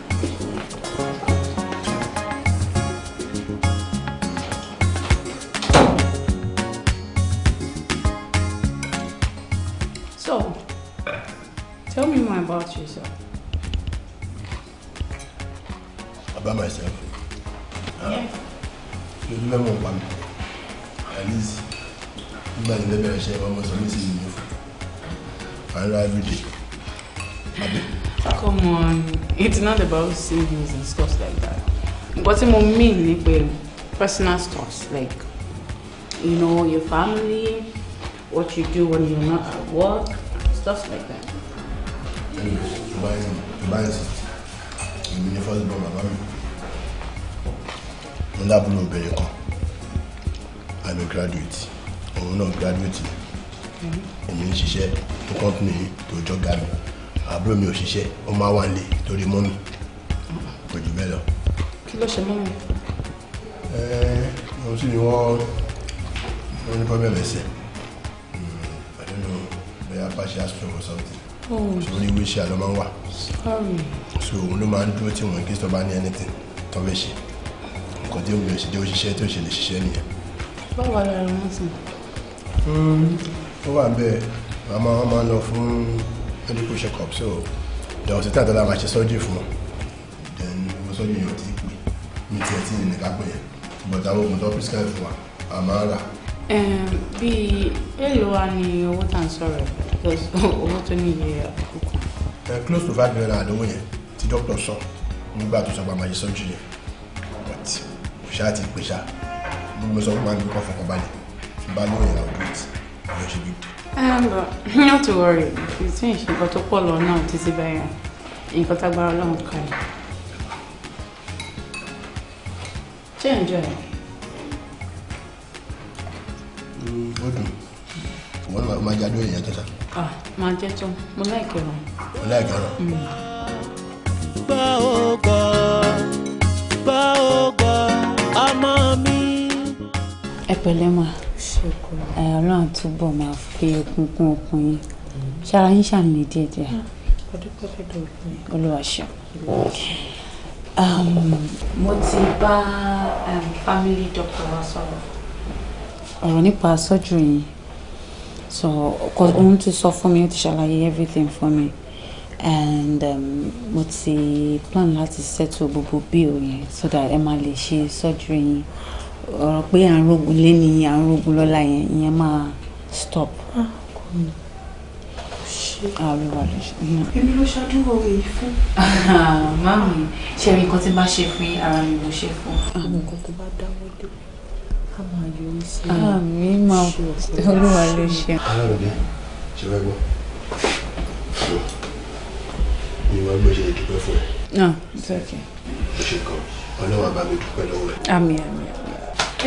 about savings and stuff like that nǹkan tí mo mean ni pé personal stuff like you know your family what you do when you're not at work stuff like that. èmi ni fọ́sí bọ́ bàbá mi mo dábúrò obìnrin kan i'm a graduate òun oh, náà graduate mm-hmm. èmi ń ṣiṣẹ́ ní company tó jọ gà mí a mi ò ṣiṣẹ́ ó máa wà nílé torí mọ́mí kò jù bẹ́ẹ̀ lọ. kí ló ṣe mọ́ mi. ẹ ẹ òun sì ni wọ́n wọ́n ní pọ́bẹ́ẹ̀mù ẹsẹ̀ àdúgbò bẹ́ẹ̀ apáṣẹ aspirin or something. Oh. ṣùgbọ́n ní wíṣẹ́ àlọ́ máa ń wà. so òun ló máa ń dúró tí wọn kí sọ bá ní anything tó fẹ́ ṣe nǹkan tí òun yóò ṣe jẹ́ òṣìṣẹ́ tí ò ṣe lè ṣiṣẹ́ nìyẹn. báwo la rẹ̀ wọ́n sùn. Hmm, ó wà bẹ́ẹ̀ màmá wọn máa ń lọ fún medical check up so dọ̀tí tàdọ́là máa ṣe sọ́jú fún wọn sọ ní ìyàn tí ì pè ní tiẹ̀ tí ìyẹn nìkan pè yẹn bọ̀dá oògùn tó prescribe fún wa a máa rà. bíi èèlò wa ni owó tá à ń sọ̀rọ̀ because owó tó ní iye àkókò. close to five million àdánwò yẹn tí dókítà sọ nígbà tó sọ pé a máa ṣe surgery yẹn but kò ṣáà ti pè ṣáà gbogbo sọ fún wa nípa fọkànbalẹ̀ bá lóyè àwọn great ló ṣe big deal. Um, but not to worry, if you think she got to call or not, it's a buyer. You got to borrow a long ṣé ẹ̀ ń jọ ẹ̀. Mm, ó dùn mo ní máa jáde èèyàn tó sá. máa jẹ́ tán mo láìkẹ́ lọ. mo láìkẹ́ mm. lọ. gbọ́ ó gbọ́ gbọ́ ó gbọ́ ọmọ mi. ẹ pẹ̀lẹ́ máa ọlọ́run túbọ̀ máa fi okun okun yín ṣara yín ṣàmì díẹ̀díẹ̀ ah, olúwa ṣeun. Um, mo ti bá um, family doctor wa sọ̀rọ̀. ọ̀rọ̀ nípa sọ́jú yìí so òun ti sọ fún mi ó ti ṣàlàyé everything for me, and um, mo um, ti plan láti settle gbogbo bill yẹn so that ẹ máa lè ṣe surgery yín ọ̀rọ̀ pé à ń rogun lé ní à ń lọ́la yẹn ìyẹn máa stop. Ah, cool ṣe. àríwá ah, lè ṣe. èmi ló ṣàdúrà rẹ̀ yìí fún. mami ṣe mi nǹkan tí bá ṣe fún ara mi mo ṣe fún. Ah, àwọn nǹkan tó bá dáwọ́ dé a máa yọrí sí i. àmì ah, máa olúwa lè ṣe. aláròdé ṣe fẹ́ gbọ́ ìwà gbọ́ ṣe ìdúpẹ́ fún ẹ. náà ìtọ́kẹ́. ó ṣe kàn ọlọ́wọ́ bá mi dúpẹ́ lọ́wọ́ eh, ẹ. àmì àmì àmì.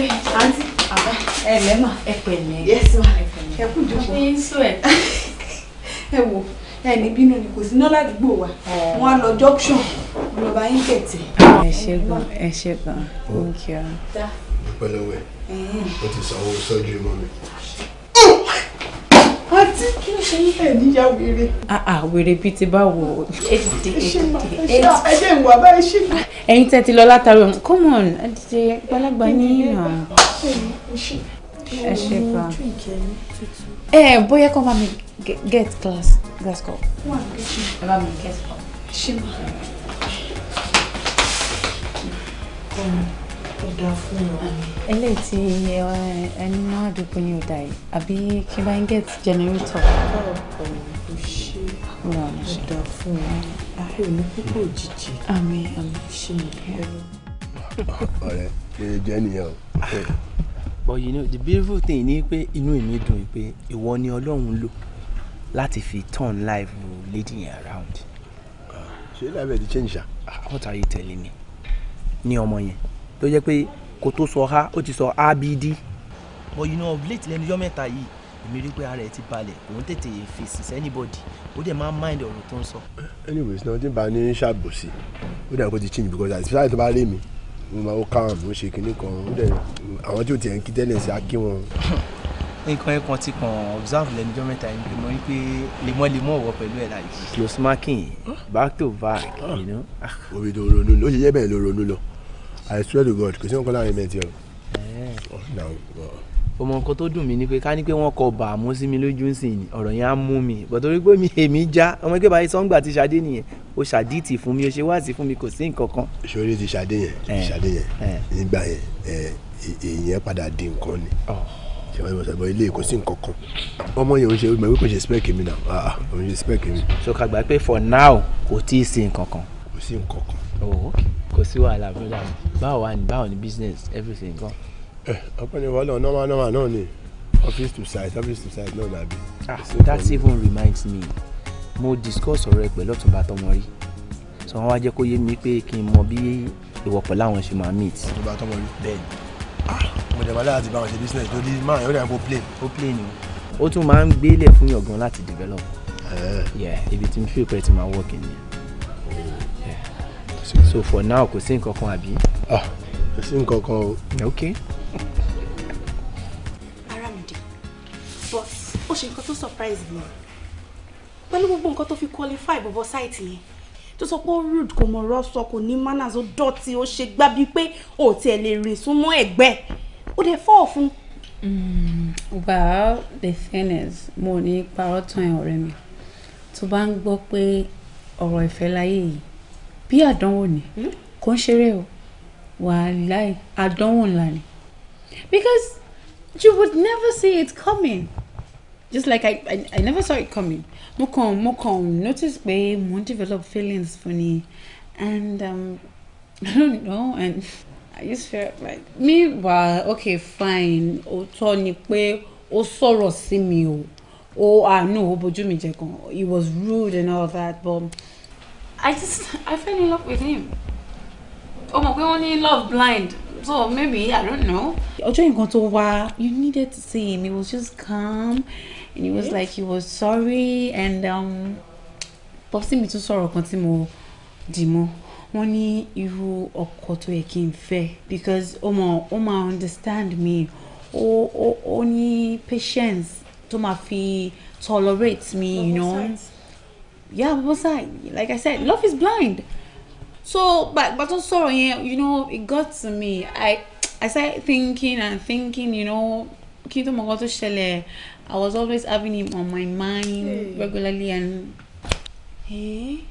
ẹ àǹtí àbá ẹ lẹ́mà ẹ pẹ̀lẹ́ ẹ kú jù ẹ wò ẹni bínú ni kò sí iná ládùúgbò wa wọn á lọ junction wọn lọ bá yín kẹtẹ. ẹ ṣe gan ẹ ṣe gan thank you. pẹlẹwẹ o ti sanwó sọjú mọ mi. àti kí ló ṣe ń bẹ̀ níyà wèrè. Ah, ah, wèrè bíi ti bá wò ó. ẹ jẹ́ ìwà bá ẹ ṣe. ẹ̀yin tẹ́ ti lọ látàrí ọ̀hún come on ẹ ti ṣe gbalagbà ní ìhàn. ẹ ṣe gan. Eh, bóyá kàn bá get glass glass cup. wọn àgbẹ̀ ṣe. ẹ bá mi get cup. ṣé mà. ó dáa fún wọn. eléyìí tí eh, ẹni náà àdúgbò yín ò dà yìí àbí kí n bá ń get generator. báwo kò ní ṣe ó dáa fún wọn ààrẹ ò ní púpọ̀ òjijì. àmín àmín ṣe é. ọ̀rẹ́ ẹ jẹ́ nìyẹn o. but you know the beautiful thing ni pé inú mi dùn pé ìwọ ni ọlọ́run lò láti fi turn life leading around. ṣé lábẹ́ ti change ṣá. what are you telling me ní ọmọ yẹn tó jẹ́ pé kò tó sọ ha ó ti sọ abd but you know of late lẹ́nu ọjọ́ mẹ́ta yìí èmi rí pé ara ẹ ti balẹ̀ òun tètè fèsì sẹ́nibọ̀dì ó dẹ̀ máa ń mind ọ̀rọ̀ tó ń sọ. anyways náà tí n bá ní ṣàbòsí ó dà kó ti change because àti sáyẹn tó bá rí mi mo máa ń káwọn mo ṣe kinní kan ó àwọn tí ò tiẹ̀ ń kí tẹ́lẹ̀ sí akí wọn. nǹkan ẹ̀kan ti kàn observe lẹ́nujọ́ mẹ́ta yìí mo rí pé lemọ́lemọ́ ọ̀wọ́ pẹ̀lú ẹ̀ láyé. close marking back to back. Ah. omi tó ronú ló ṣe yẹ bẹ́ẹ̀ ló ronú lọ I swear to God kò sí nǹkan láàrin mẹ́tì ọ̀ ọmọ nǹkan tó dùn mí ni pé ká ní pé wọ́n kọ bàámú sí mi lójú ńsìn ni ọ̀rọ̀ yẹn á mú mi bọ̀ torí pé mi èmi já ọmọ ẹgbẹ́ báyìí sọ́ngbà ti ṣadé nìyẹn o ṣàdìtì fún mi o ṣe wáàsí fún mi kò sí nǹkan kan. ìṣòro ti ṣadé yẹn ti ṣadé yẹn nígbà yẹn èèyàn padà di nǹkan ni ṣèwọ́n ìmọ̀ sọ̀rọ̀ ilé kò sí nǹkan kan ọmọ yẹn ò ṣe mọ̀ wípé kò ṣe spẹ́ẹ̀kì mi náà ah, ah, kò ṣe spẹ́ẹ̀kì mi. so for now kò tí ì sí nǹkan kan. kò sí nǹkan kan. Oh, kò business everything Eh, ọpẹ́ ni wọlé normal normal náà ni office to site office to site náà dàbí. ah that even reminds me mo discuss ọ̀rọ̀ ẹ pẹ̀lú ọ̀túnba tọmọ rí so wọn wá jẹ́ kó yé mi pé kí n mọ bí ìwọ pẹ̀lú àwọn ṣe máa meet. ọ̀túnba tọmọ rí bẹ́ẹ̀ ni ah, mo jẹ balẹ̀ àti báwọn ṣe business lórí máa yọ̀ọ́ dà kó play. ó play ni ó tún máa ń gbélé fún yọ̀gàn láti develop eh. ibi tí n fi pẹ́ ti máa work ni oh. so for now kò sí nǹkan kan àbí. ah kò sí nǹkan kan o. okay. ó ṣe nǹkan tó surprise mi pẹ̀lú gbogbo nǹkan tó fi qualify bọ̀bọ̀ sáìtì yẹn tó sọ pé ó rude kò mọ̀ ọ̀rọ̀ kò ní manners ó dọ̀tí ó ṣe gbábí pé ò tiẹ̀ lè rìn súnmọ́ ẹ̀gbẹ́ ó dẹ̀ fọ́ ọ̀fun. Mm, well the thing is mo ní parọ́ tán ẹ̀ ọ̀rẹ́ mi tó bá ń gbọ́ pé ọ̀rọ̀ ìfẹ́ láyé yìí bí àdánwò ni hmm? kò ń ṣeré o wàláì àdánwò ńlá ni because you would never see it coming just like I, I I never saw it coming mo kàn mo kàn notice pé mo develop feelings for ni and um, I don't know and I just felt like me. Well, okay fine òótọ́ ni pé O sọ̀rọ̀ sí mi o ó àánú ó bójú mi jẹ gan he was rude and all that but I just I fell in love with him ó mọ̀ pé wọ́n ní love blind so maybe I don't know. ọjọ́ nǹkan to wá you needed to see him he was just calm. And he was like he was sorry and um, popsi mi tún sọ̀rọ̀ kan tí mo dì mọ́ wọ́n ní irú ọkọ tó yẹ kí n fẹ́ because ó mọ̀ ó máa understand me ó ó ó ní patience tó máa fi tolerate me you know yeah both sides like I said love is blind so gbàgbà tó sọ̀rọ̀ yẹn you know it got to me I I started thinking and thinking you know kí n tó mọ̀ nǹkan tó ṣẹlẹ̀ I was always having him on my mind hey. regularly and. Hey. Eh?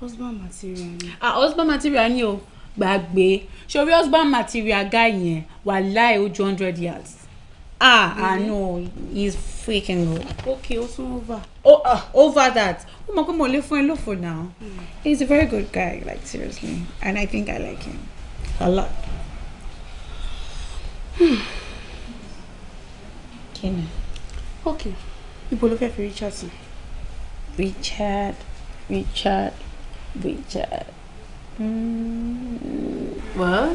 husband material ah husband material ni o gbàgbé sori husband material guy yẹn wà láì two hundred years. ah mm -hmm. i know he's freaking good. okay o tún over. oh uh, over that o mọ pé mo lè fún ẹ for now mm. he's a very good guy like seriously and i think i like him a lot. Hmm. kí Okay, ibo ló fẹ́ fi Richard sí. Richard Richard Richard. Mm. well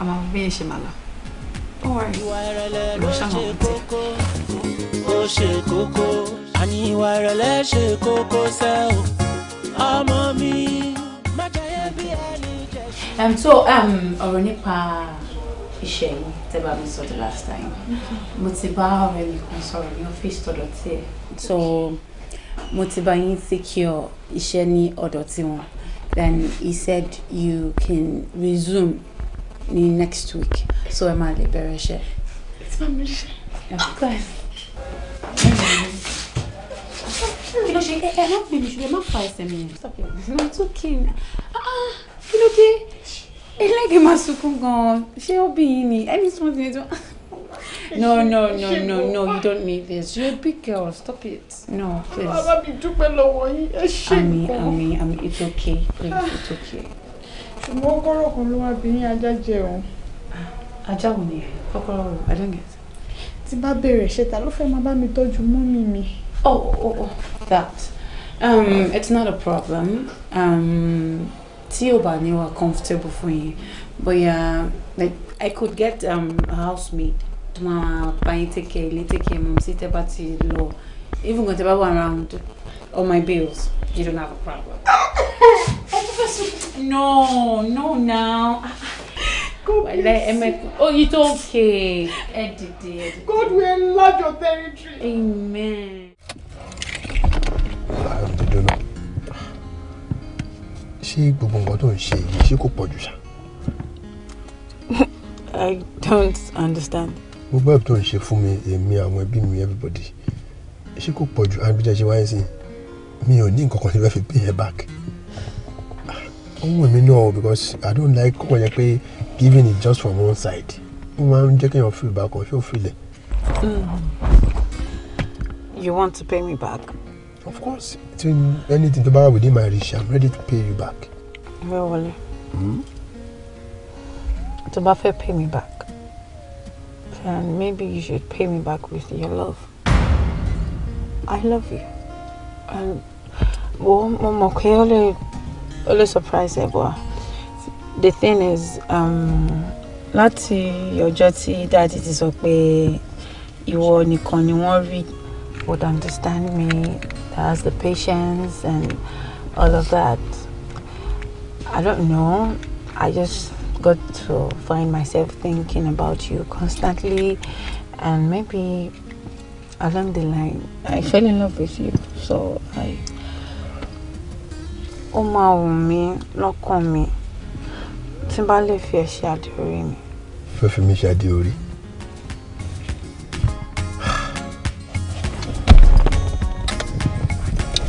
àmọ́ bí yẹn ṣe máa lọ. ìwà ìrẹ̀lẹ̀ ló ṣe kókó ó ṣe kókó àní ìwà o ọmọ mi má jẹ́ bí ẹni jẹ́ ṣe. Um, so um, ọ̀rọ̀ um, nípa iṣẹ́ yìí tẹ́ bá mi sọ last time mo ti bá ọ̀rẹ́ mi kan sọ̀rọ̀ ní ọ́fíìsì tọ̀dọ̀ tiẹ̀. so mo ti bá yín secure iṣẹ́ ní ọ̀dọ̀ tiwọn then he said you can resume ní next week so ẹ máa lè bẹ̀rẹ̀ iṣẹ́. ti máa mi ṣe. of course. kí ló ṣe ẹ ẹ má pè mí ṣùgbọ́n ẹ má fa ẹsẹ̀ mi. it's okay ah, ah. kí ló dé eléyìí máa sunkún gan-an ṣé ó bí yín ni ẹni tí wọ́n ti ní No, no, no, no, no, you don't need this. You're a big girl. Stop it. No, please. Bàbá mi dúpẹ́ lọ́wọ́ yín. Ẹ ṣe nǹkan. Àmì àmì it's okay. Please, it's okay. Ṣùgbọ́n kọ́rọ̀ kan ló wá bí yín ajá jẹ o. Ajá wo ni kọ́kọ́rọ́ wo? I don't get it. bá bẹ̀rẹ̀ ṣe ló fẹ́ máa bá mi tọ́jú mọ́mì mi. Oh, oh, oh, that. Um, it's not a problem. Um, tí ò bá ní wà comfortable fún yín bóyá like I could get um, a housemaid tó máa bá yín take care ilé take care mọ̀ sí tẹ́ bá ti lọ even gan tẹ́ bá wà around all my bills you don't have a problem. no no now. oh, it's okay. God will enlarge your territory. Amen. I have to do not ṣé gbogbo nǹkan tó ń ṣe yìí ṣé kò pọ̀ jù ṣá. I don't understand. gbogbo ẹ̀bùn tó ń ṣe fún mi èmi àwọn ẹbí mi everybody ṣé kò pọ̀ jù àbí jẹ́ ṣe wáyé sí mi ò ní nǹkan kan tí wọ́n fi pay her back ohun èmi náà because I don't like kọ́kọ́ yẹ pé giving it just from one side ó máa ń jẹ́ kéèyàn feel back or ṣé ó feel ẹ̀. Mm-hmm. You want to pay me back? Of course, to anything to buy within my reach, I'm ready to pay you back. Well, Wale. Hmm? To buffer, pay me back. And maybe you should pay me back with your love. I love you. And well, I'm okay. Only, only surprise, ever. The thing is, um, láti ọjọ́ tí dáàdì is okay. You ìwọ nìkan ni wọ́n rí would understand me, has the patience and all of that. I don't know. I just got to find myself thinking about you constantly, and maybe along the line, I fell in love with you. So I. Oma umi mi tí n bá lè fi ẹ̀ ṣe adé orí mi. ti n ba le fi e ori mi orí.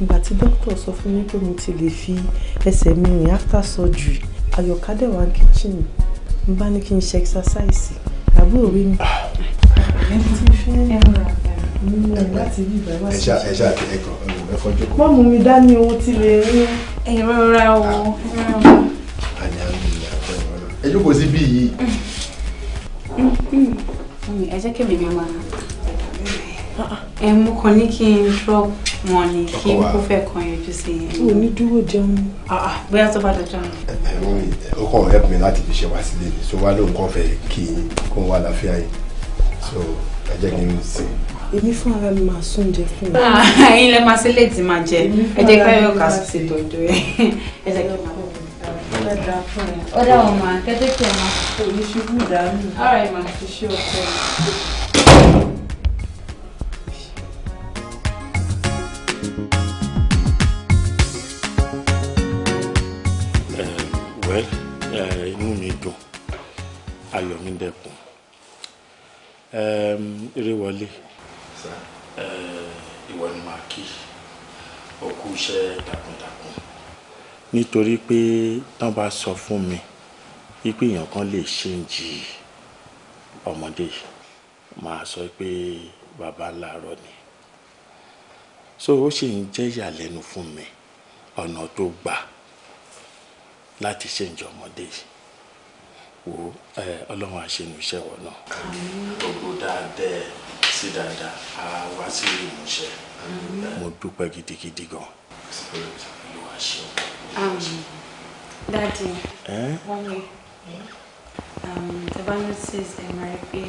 ìgbà tí dókítà sọ fún mi pé mo ti lè fi ẹsẹ̀ mi rìn after surgery àyọ̀kadẹ̀ wà ní kitchen n bá ní kí n ṣe exercise àbúrò rí mi. ẹni tí fẹ́ ẹ rà nínú ẹ̀ láti bí ìgbà wá sí i. ẹ̀ṣà ẹ̀kọ́ ẹ̀kọ́ jókòó. mọ́mú mi dání owó tí lè rí. ìrora o ìrora. Ah. àní àmì ìyàwó ìrora ẹ jókòó sí bí yìí. ẹ jẹ́ kí èmi máa ẹ mú kan ní kí n drop wọn ni kí n kó fẹ́ kan yẹjú sí i. o ní dúró jẹun. Ah, ah, bóyá tó bá dọjọ́ àná. ẹ ẹ mú mi ó kàn help mi láti fi ṣe wá sílé mi so wá lóun kàn fẹ́ kí n kó wá láfíà yìí so ẹ jẹ́ kí n sìn. èmi fún ara mi máa sún oúnjẹ fún mi. Ah, ẹ̀yin lè máa ṣe léètì máa jẹ ẹ jẹ́ kí ayọ̀ kà sí tòjò ẹ ẹ jẹ́ kí n máa bọ̀ ọ̀dà ọ̀ma kẹ́tẹ́kẹ́ ọ̀ma kò ní ṣubú dànù. ara ẹ̀ máa ṣiṣẹ́ ọ̀tẹ̀. Ayọ̀mídẹ́kun Eréwọlé ìwọ ni màá kí o kú iṣẹ́ takuntakun nítorí pé tán bá sọ fún mi wípé èèyàn kan lè ṣe ń jì ọmọdé màá sọ pé baba láàárọ̀ ni so ó sì ń jẹ́ ìyàlẹ́nu fún mi ọ̀nà tó gbà láti ṣe ń jẹ ọmọdé yìí wo ọlọ́run àṣẹnu iṣẹ́ wọn náà. gbogbo dáadáa sí dáadáa á wá sí ìmúṣẹ. mo dúpẹ́ gidigidi gan. dadi wọ́n mi um, tẹ́bá notice ẹ̀ máa rí pé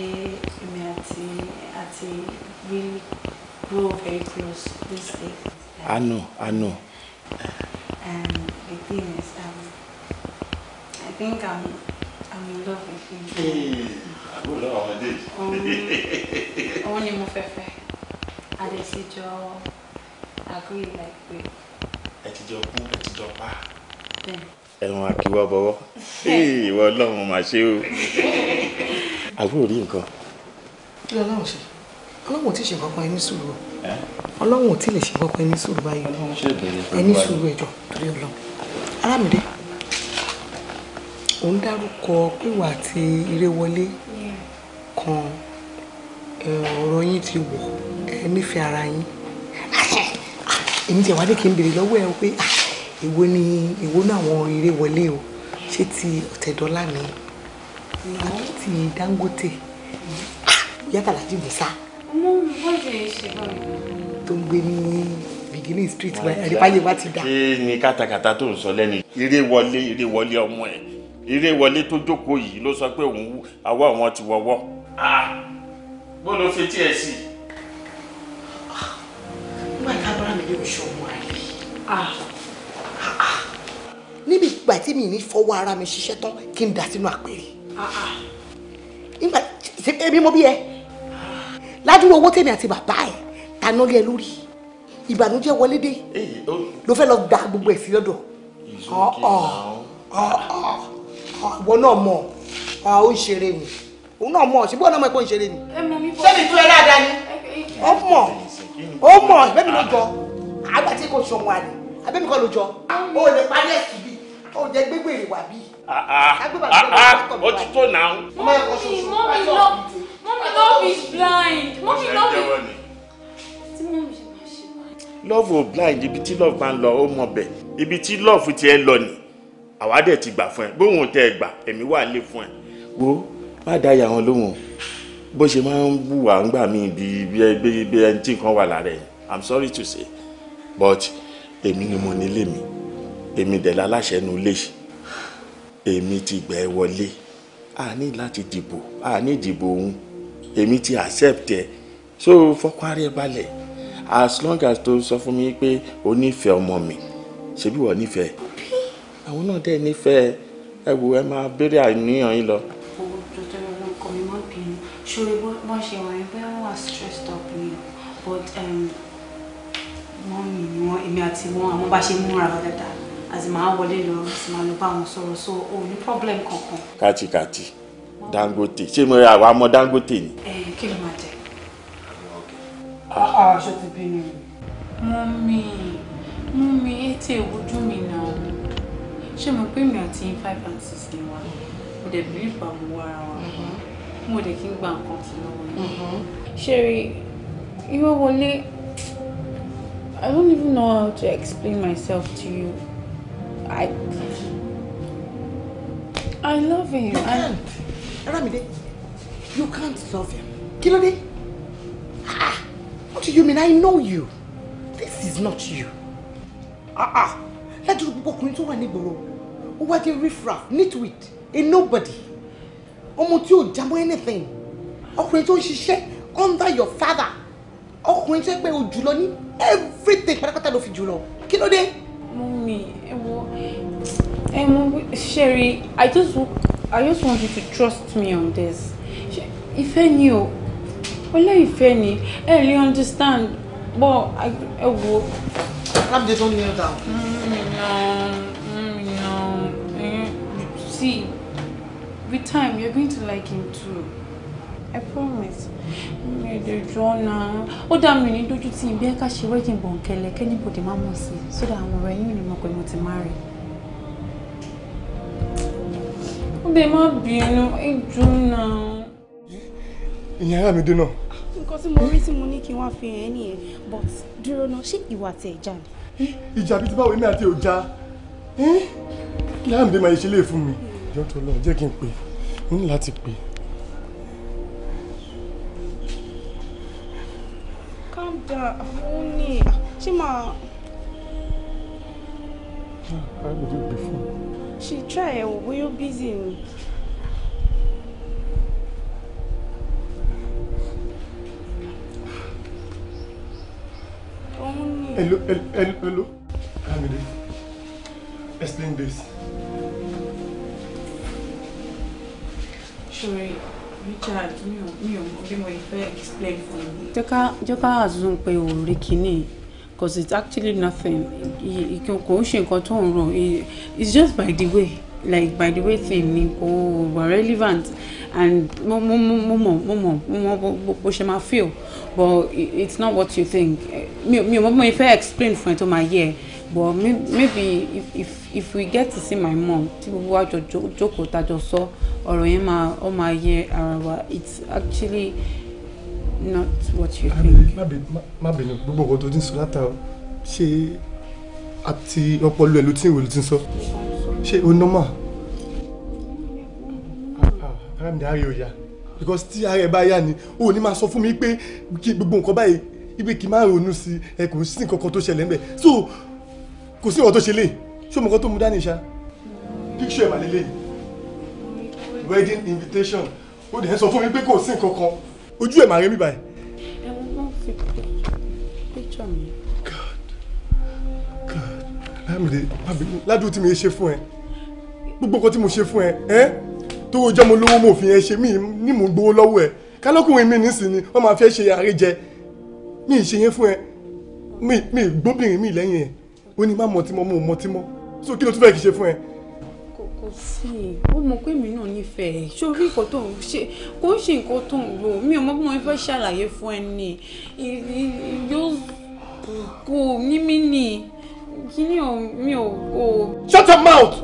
grow very close these days. I know, I know. Um, the thing is, um, I think Um, àbúrò àwọn ọmọdé yìí. òun ni mo fẹ́ fẹ́ adesijọ agree like pé. ẹ ti jọ kú ẹ ti jọ pa. ẹ̀wọ̀n àkíwá bọ̀wọ́ ìwọ ọlọ́run mà ṣe o àbúrò rí nǹkan. kí lọ́lọ́run ṣe ọlọ́run ò tí ì ṣe nǹkan kan ẹni sùúrù ọlọ́run ò tí ì lè ṣe nǹkan kan ẹni sùúrù báyìí ẹni sùúrù ẹjọ́ torí ọlọ́run arámìdé ò ń dárúkọ pínwà àti iréwọlé kan ọ̀rọ̀ yín ti wọ̀ ẹ nífẹ̀ẹ́ ara yín èmi tí ìwádìí kì í béèrè lọ́wọ́ ẹ pé èwo ni èwo ní àwọn iréwọlé o ṣé ti ọ̀tẹ̀dọ́là ni ti Dangote yàtàlá ti bùsà tó ń gbé ní beginning street báyìí àdìpáyé bá ti dà. kí ni kátàkátà tó ń sọ lẹ́nu ìréwọlé ìréwọlé ọmọ ẹ̀ eré wọlé tó jókòó yìí ló sọ pé òun àwọ àwọn ti wọwọ́. bó ló fi tiẹ̀ sí i. nígbà tá a bára mi yóò ṣe ọmọ àlè. níbi ìgbà tí mi ní fọwọ́ ara mi ṣiṣẹ́ tán kí n dà sínú àpèrè. nígbà tí èmi mọ bí ẹ ládùúgbò owó tèmi àti bàbá ẹ taná lé lórí ìbànújẹ́ wọlé dé ló fẹ́ lọ gba gbogbo ẹ sí lọ́dọ̀. It's okay Ah, ìwọ náà mọ̀ ó ń ṣeré ni òun náà mọ̀ ṣùgbọ́n náà mọ̀ pé ó ń ṣeré ni. sẹ́mi tún ẹ dáadáa ni ó mọ̀ ó mọ̀ bẹ́ẹ̀ ló jọ àgbà tí kò ṣọ̀wọ́n àlè abẹ́mi kọ́ ló jọ ó lè parí ẹ̀sùn bí ó jẹ́ gbégbé ìwà bí. Ah, ah. ó ti tó náà. mọ́mí mọ́mí love mọ́mí love is blind mọ́mí love is love ò blind ibi tí love máa ń lọ ó mọ bẹ́ẹ̀ ibi tí love tiẹ̀ lọ nìí àwa dẹ̀ ti gbà fún ẹ bóun tẹ ẹ gbà èmi wà lé fún ẹ wo má da wọn lóhùn bó ṣe máa ń wùwà ń gbà mí bí bí bí ẹni tí nǹkan wà lára ẹ i'm sorry to say but èmi ni mo nílé mi èmi dẹ̀ láláṣẹ nu lé èmi ti gbà ẹ wọlé a ní láti dìbò a ní dìbò òun èmi ti accept ẹ so fọkàn rẹ balẹ̀ as long as tó sọ fún mi pé o nífẹ̀ẹ́ ọmọ mi ṣebí wọ́n nífẹ̀ẹ́ àwọn náà dẹ̀ nífẹ̀ẹ́ ẹ wò ẹ máa béèrè àníyàn yín lọ. owó tuntun ọkọ mi máa bínú ṣòro bó ṣe wà yẹn bóyá wà stressed up ni but um, mọ́mì ni wọ́n èmi àti wọn àwọn bá ṣe múra lọ dáadáa àti màá wọlé lọ sì máa lọ bá wọn sọ̀rọ̀ so o ní problem kankan. kàtìkàtì Dangote ṣé mo ra àwa mọ Dangote ni. ẹ kí ló máa jẹ. aṣọ ah. ah, ti bí ni. mọ́mì mọ́mì ètè ìwújú mi náà ṣé mo pé mi àti five and six ni wa mo dẹ̀ bí ìfà mo wá ara wa mm-hmm. mo dẹ̀ kí n gba nǹkan tí lọ́wọ́ yìí. ṣeré irọ́ wọlé I don't even know how to explain myself to you. I I love him. You can't. Aramide. you can't love him. Kí Ah, what do you mean? I know you. This is not you. Ah ah ládùúgbò gbogbo ọkùnrin tó wà nígboro ó wá dé riffraff nitwit a nobody ọmọ tí ò jámọ́ anything ọkùnrin tó ń ṣiṣẹ́ under your father ọkùnrin tó pé o jùlọ ní everything pátápátá ló fi jùlọ kí ló dé. mummy ẹ wo ẹ mọ̀ Sherry i just i just want you to trust me on this ìfẹ́ ni o ọlẹ́ ìfẹ́ ni ẹ lè understand but ẹ wo. alábìdé tó ń yẹn ta no, no. See, with time, you're going to like him too. I promise. Mi de jona. Ó dá mi ní dójú tí bí ká ṣe wedding bòńkẹ́lẹ́ ke anybody má mọ̀ sí so that àwọn ọ̀rẹ́ yín ni mọ̀ pé mo marry. Ó bẹ̀ má bínú ẹ jona. Ìyẹn ara mi dé náà. Nǹkan tí mo rí tí mo ní kí n wá fi hàn ẹ́ nìyẹn but dúró náà ṣé ìjà bíi ti báwo èmi àti òjà láàmì máa ṣe lè fún mi ìjọ tó lọ jẹ́ kí n pè ní láti pè. kádà àwọn ní ṣé máa. Ah, she try ẹ̀ wò bóyá busy ni. òun ni. hello hello hello Kamide explain this. Sorry, Richard mi ò mọ bí mo fẹ́ explain fún mi. Joka ká jẹ́ ká àzùn pé òun rí kinní because it's actually nothing He he, ṣe nǹkan tó ń rò it's just by the way like by the way thing ni kò wà relevant and mo mo mo mo mo mo mo mo bó ṣe feel but it's not what you think mi mi mo mo ife explain fún ẹ tó máa but maybe if if if we get to see my mom tí gbogbo wa jọ jókòó tajọ sọ ọ̀rọ̀ yẹn máa ọ máa yẹ ara wa it's actually not what you think. má bínú gbogbo ọkọ tó ti ń sọ látara ṣé àti ọpọlọ ẹ ló ti ń wò ló ti ń sọ ṣé o normal ara mi dáre òyà because tí ara ẹ bá yá ni o ò ní máa sọ fún mi pé kí gbogbo nǹkan báyìí ibi kì í máa ronú sí ẹ kò sí nǹkan tó ṣẹlẹ̀ ńbẹ̀ so kò sí nǹkan tó ṣe lè ṣé mo kàn tó mu dání ṣá picture ẹ̀ mà wedding invitation ó dẹ̀ sọ fún mi pé kò sí nǹkan kan ojú ẹ̀ mà rẹ́ mi báyìí. Kámìrè ládùú tí mo ṣe fún ẹ gbogbo nǹkan tí mo ṣe fún ẹ ẹ tó jẹ́ mo lówó mo fi yẹn ṣe mí ní mò ń gbowó lọ́wọ́ ẹ kálọ́kùnrin mi nísìnyí wọ́n máa fẹ́ ṣe àárẹ̀ jẹ mi ì ṣe yẹn fún ẹ mi mi gbóbìnrin mi lẹ́yìn ẹ ó ní má mọtí mọ́ mo mọtí mọ́ so kí ló tún fẹ́ kí ṣe fún ẹ kò sí ó mọ pé mi náà nífẹ̀ẹ́ sórí nǹkan tó ń ṣe kò ń ṣe nǹkan tó ń lò mi ò mọ bí mo fẹ́ ṣàlàyé fún ẹ ní yóò kò ní mí nìyí kíní o mi ò o. shut your mouth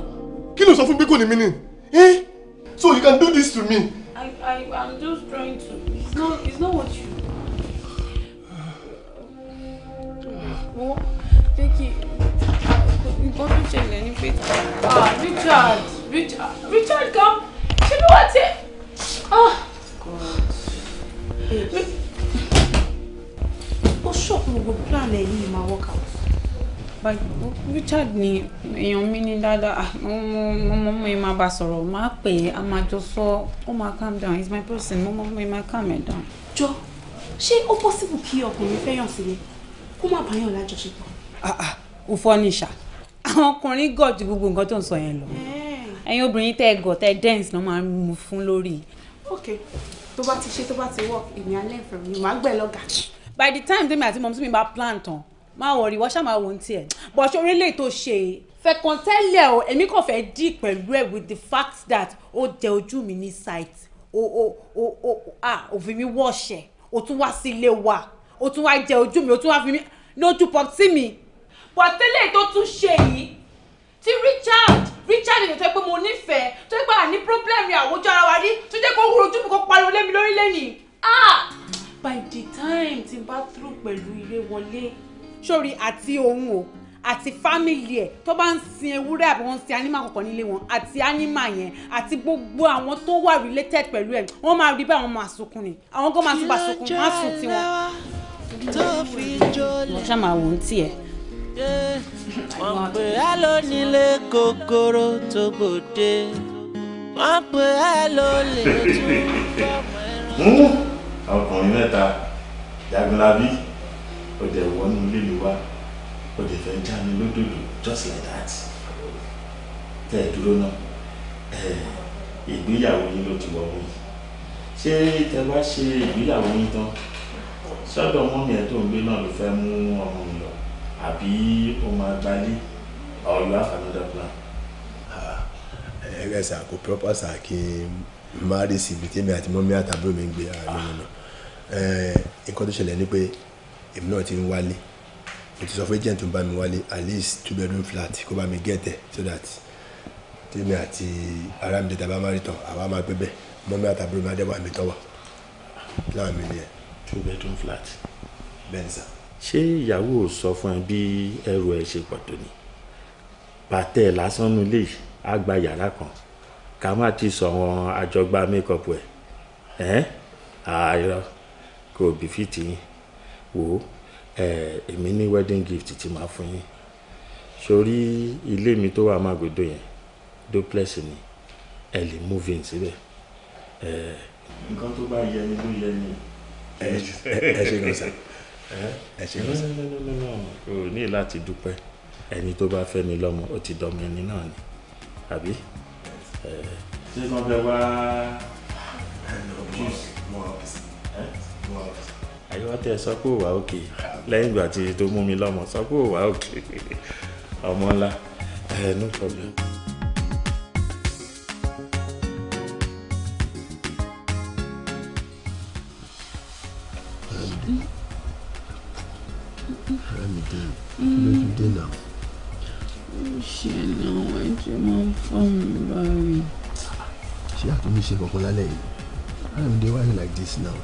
kí ló sọ fún bíkò ní mi ni eh so you can do this to me. I I am just trying to it's not it's not what you. wọ́n jẹ́ kí nǹkan tó ṣẹlẹ̀ ní pé. ah Richard Richard Richard come ṣe ló wá tẹ. ah God. ó ṣọ̀kùn gbogbo plan ẹ̀ yìí máa work out. Richard ni èèyàn mi ní dáadáa ah, mo mọ mo máa bá sọ̀rọ̀ máa pè é a máa jọ sọ ó máa calm down he's my person mo mọ mo máa calm ẹ̀ down. jọ ṣé ó possible kí ọkùnrin fẹ́yàn sílé kó má bàyàn lájọṣepọ̀. ó ah, ah, fọ́ ní ìṣà àwọn ọkùnrin gọ̀ ju gbogbo nǹkan tó ń sọ yẹn lọ eh. ẹ̀yin obìnrin tẹ́ ẹ gọ̀ dance náà máa ń mu fún lórí. ok tó bá ti ṣe tó bá ti work èmi alẹ́ ìfẹ́ mi màá gbẹ lọ́gà. by the time tèmi àti mọ̀mísí mi bá plan tán máa wọ̀n rí wọ́n ṣáà máa wò ó tiẹ̀ bọ̀ ṣe orílẹ̀ tó ṣe é fẹ̀kàn tẹ́lẹ̀ o èmi kàn fẹ́ dì pẹ̀lú ẹ̀ with the fact that ó jẹ ojú mi ní site o o o o ah òfin mi wọ̀ ṣẹ̀ o tún wá sílé wa o tún wá jẹ ojú mi o tún wá fi mi lójú pọ̀ sí mi bọ̀ tẹ́lẹ̀ tó tún ṣe yìí tí Richard Richard èdè tó yẹ pé mo nífẹ̀ẹ́ tó yẹ pé àní problem rẹ̀ àwùjọ ara wa rí tó jẹ́ kó wúro ojú mi kó pariwo lé mi lórí lẹ́nìí ah by the time tí n bá through pẹ̀lú ilé wọlé sórí àti òun o àti fámìlì ẹ̀ tó bá ń sin ewúrẹ́ àbí wọ́n ń sin ánímà kọ̀ọ̀kan nílé wọn àti ánímà yẹn àti gbogbo àwọn tó wà related pẹ̀lú ẹ̀ wọ́n máa rí bí àwọn máa sunkún ni àwọn kan máa sunkún máa sùn tiwọn. wọ́n ṣáà máa wò ó tiẹ̀. wọ́n pè á lónílé gogoro tó gbòde wọ́n pè á lólè tó gbọ́mọ ẹran. ọkùnrin mẹ́ta jagunlabi. But dẹ̀ wọnú ilé mi wá ó dẹ̀ fẹ́ já mi lódòdó just like that tẹ́ ẹ dúró náà ìgbéyàwó yín ló ti wọ̀ wọ́n yìí ṣé tẹ bá ṣe ìgbéyàwó yín tán sọ́dọ̀ mọ́mí ẹ̀ tó ń gbé náà ló fẹ́ mú ọmọ mi lọ àbí ó máa gbalé or you have another plan. Ah, ẹgbẹ́ sà kò proper sà kí n má rí síbi tèmi àti mọ́mí àtàbúrò mi ń gbé àárín nínú nǹkan tó ṣẹlẹ̀ ni pé èmi náà ti ń wálé mo ti sọ fún agent tó ń bá mi wálé at least two bedroom flat kó bá mi get ẹ̀ so that tèmi àti ará mi tètè bá má rí tán àwa máa bẹ́bẹ̀ mọ́mí àtàbúrò mi adébọ̀ àmì tọ́wà láwọn mi two bedroom flat. bẹ́ẹ̀ ni sà. ṣé ìyàwó ò sọ fún ẹ bí ẹrù ẹ ṣe pọ̀ tó ni pàtẹ́ lásán nu ilé á gba yàrá kan ká má ti sọ àwọn àjọgbá mékọ̀pù ẹ̀ ẹ́ àìrọ kò bí fìtì yín wò ó èmi ní wedding gift tí màá fún yín sórí ilé mi tó wà mágòdò yẹn duplex ni ẹ lè move in síbẹ̀. nǹkan tó bá yẹ ni ló yẹ ni. ẹ ṣe gan sa ẹ ṣe gan sa. o ní láti dúpẹ́ ẹni tó bá fẹ́ ni lọ́mọ ó ti dọ́mọ ẹni náà ni àbí. ṣé kàn fẹ́ wá. no more office more office àyíwátẹ sọ pé ò wá òkè lẹ́yìn ìgbà tí tó mú mi lọ́mọ sọ pé ò wá òkè ọmọ ńlá no problem. Remide, kí ló tún Ṣé àtúnṣe kankan lálẹ́ yìí? Remide, why you like this now?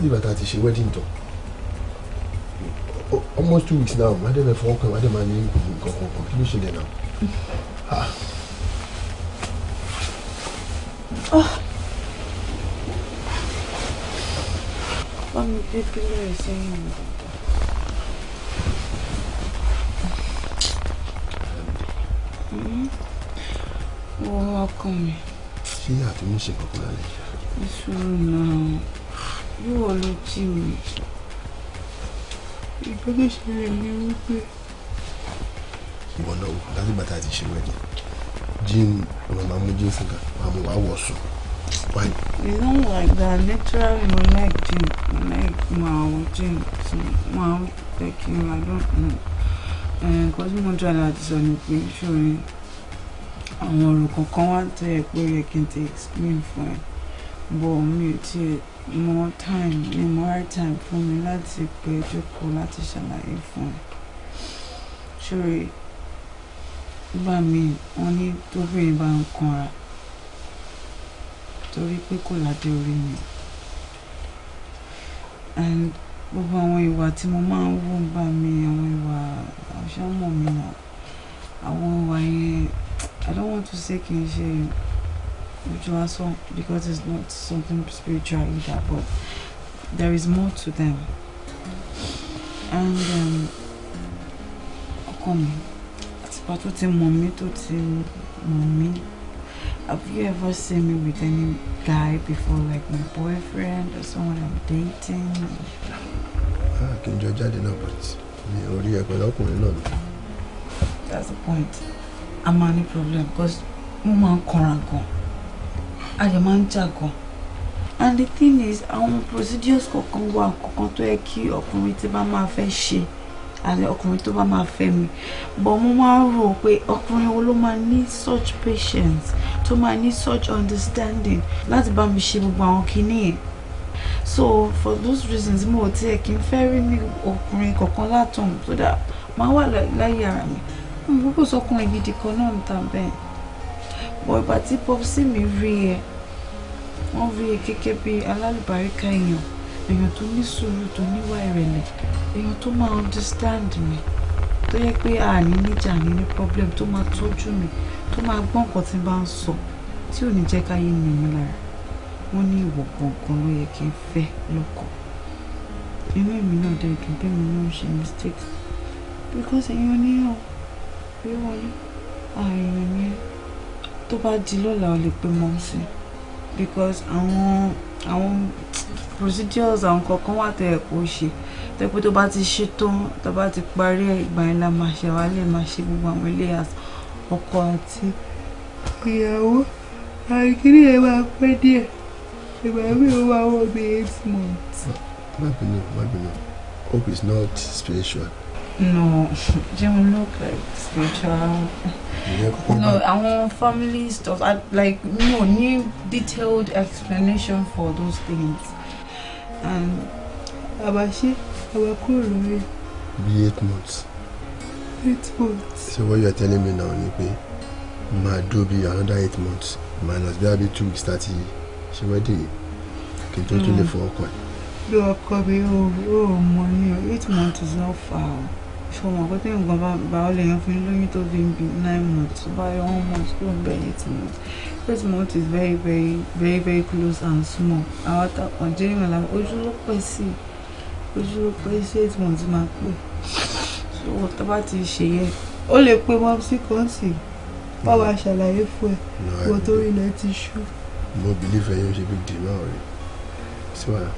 bí bàtà ti ṣe wedding tán almost two weeks now má dẹ́mẹ̀ fọwọ́ kan má dẹ́mẹ̀ ní nǹkan kan kí ló ṣẹlẹ̀ náà. Bámi gbé pílẹ̀ sẹ́yìn mi. Wọ́n wá kàn mí. Ṣé àtúnṣe kankan lálẹ́ It's Ìṣòro náà yíwọ ló jí mi ìgbẹ́ tó ṣẹlẹ̀ ní wípé. ìwọ náà wò láti gbàtà àti ṣe wẹ́ẹ̀dì jean ọ̀nà máa mú jean fúnka máa mú wàá wọ̀ sùn. you know like that literally mo like jean mo like máa wọ jean so máa fẹ́ kí n máa dún un nǹkan tí mo jọ láti sọ ni pé ṣòro àwọn ọ̀rọ̀ kankan wá tẹ̀ pé ó yẹ kí n ti explain fún ẹ bọ̀ mi ò tiẹ̀ more time ní more time fún mi láti pé jókòó láti ṣàlàyé fún ẹ ṣòro nígbà míì wọn ní tóbìnrin bá ń kanra torí pé kò ládé orí mi and gbogbo àwọn ìwà tí mo máa ń wò nígbà míì àwọn ìwà ọ̀ṣọ́mọ̀ mi náà àwọn ìwà yẹn I don't want to say kì í ṣe ritual song because it's not something spiritual either, but there is more to them. And um, coming. Àtìpá tó ti mọ̀ mí tó ti mọ̀ mí. Have you ever seen me with any guy before, like my boyfriend or someone I'm dating? Ah, kí n jọ jáde náà, but mi ò rí ẹ pẹ̀lú ọkùnrin náà lọ. That's the point. I'm máa problem because mo máa ń kanra gan a lè máa ń jà gan and the thing is àwọn procedures kọ̀ọ̀kan wà kọ̀ọ̀kan tó yẹ kí ọkùnrin tí bá máa fẹ́ ṣe àlẹ ọkùnrin tó bá máa fẹ́ mi but mo máa ń rò pé ọkùnrin wo ló máa ní such patience tó máa ní such understanding láti bá mi ṣe gbogbo àwọn kinní yẹn so for those reasons mo ò tiẹ̀ kí n fẹ́ rí ní ọkùnrin kọ̀ọ̀kan látọ̀hún so that màá wà láyé ara mi mo kò sọkùnrin gidi kan náà níta bẹ́ẹ̀ bọ̀ ìgbà tí popsi mi rí ẹ wọ́n rí ẹ gẹ́gẹ́ bí alálùbáríkà èèyàn èèyàn tó ní sùúrù tó níwà ìrẹ̀lẹ̀ èèyàn tó máa understand mi tó yẹ pé àní níjà ní ní problem tó máa tọ́jú mi tó máa gbọ́ nǹkan tí bá ń sọ tí ò ní jẹ́ káyé mi mi lára wọ́n ní ìwọ̀ gbọ̀ngàn ló yẹ kí n fẹ́ lọ́kọ̀ọ́ inú èmi náà dẹ̀ dùn bí mi náà ṣe mistake because èèyàn níyàn pé wọlé àìyàn yẹn tó bá di lọ́la o lè pe mọ́ sí because àwọn àwọn procedures àwọn kankan wà tẹ̀ ẹ̀kọ́ ṣe tẹ́pẹ́ tó bá ti ṣe tán tó bá ti parí ìgbà yẹn la máa ṣe wálé máa ṣe gbogbo àwọn ilé ọkọ àti ìyàwó àìkiri yẹn máa pẹ́ díẹ̀ ìgbà míì ó máa wọ́n bí eight months. Ah, má bínú má bínú hope is not spiritual. No, they look like spiritual. No, I want family stuff. I, like no new detailed explanation for those things. And Abashi, Abakuru. Be eight months. Eight months. So what you are telling me now, Nipe, My do be another eight months My minus bí two weeks thirty. She ready. Can n tó tún lè fọ ọkọ ẹ. Bí ọkọ mi ò mọ ní eight months is not far ṣọmọ pé tí nǹkan bá ọ lè yan fún lóyún tó fi ń bi nine months tó one month kúrò ń bẹ eight months eight months is very very very very close and small àwọn àtàkùn jẹ́rìmọ̀ làwọn ojú ló pẹ́ sí ojú ló pẹ́ sí eight months máa pè so tó bá ti ṣe yẹ ó lè pe mom sí kọ́ńtì báwa ṣàlàyé fún ẹ wo torí ilẹ̀ ti ṣú. mo believe ẹyin ṣe big deal náà rè sí wàhálà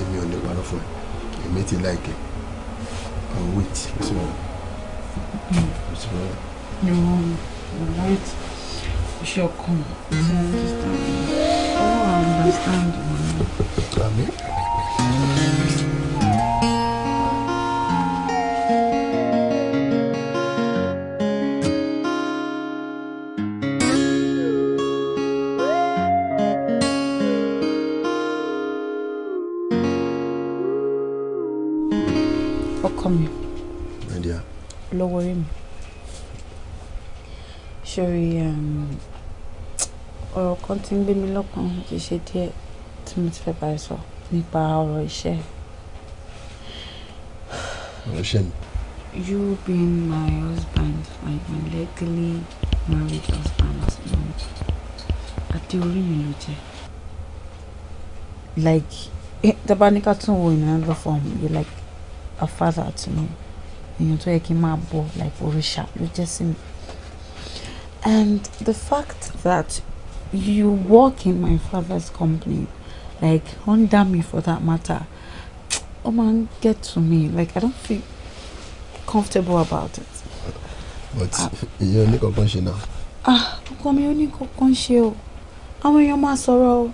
èmi ò ní parọ́ you like it. àwọn wait kò sí wọn kò sí wọn. no wait iṣẹ́ ọkàn mi ọwọ́ mm-hmm. understand I mean. ti ń gbé mi lọ́kàn ti ṣe díẹ̀ tí mo ti fẹ́ bá ẹ sọ nípa ọ̀rọ̀ iṣẹ́. ọ̀rọ̀ iṣẹ́ mi. you being my husband like my legally married husband as well àti orí mi ló jẹ́. like eh, tabaníkà tún wo ìnáwó lọ fún mi you like a father to me èèyàn tó yẹ kí n máa bọ like òrìṣà ló jẹ́ sí mi and the fact that you work in my father's company like under me for that matter oh man get to me like i don't feel comfortable about it. but ah. ìyẹn oníkankan ṣe now. ah ọkọ mi oníkankan ṣe o àwọn èèyàn máa sọ̀rọ̀ o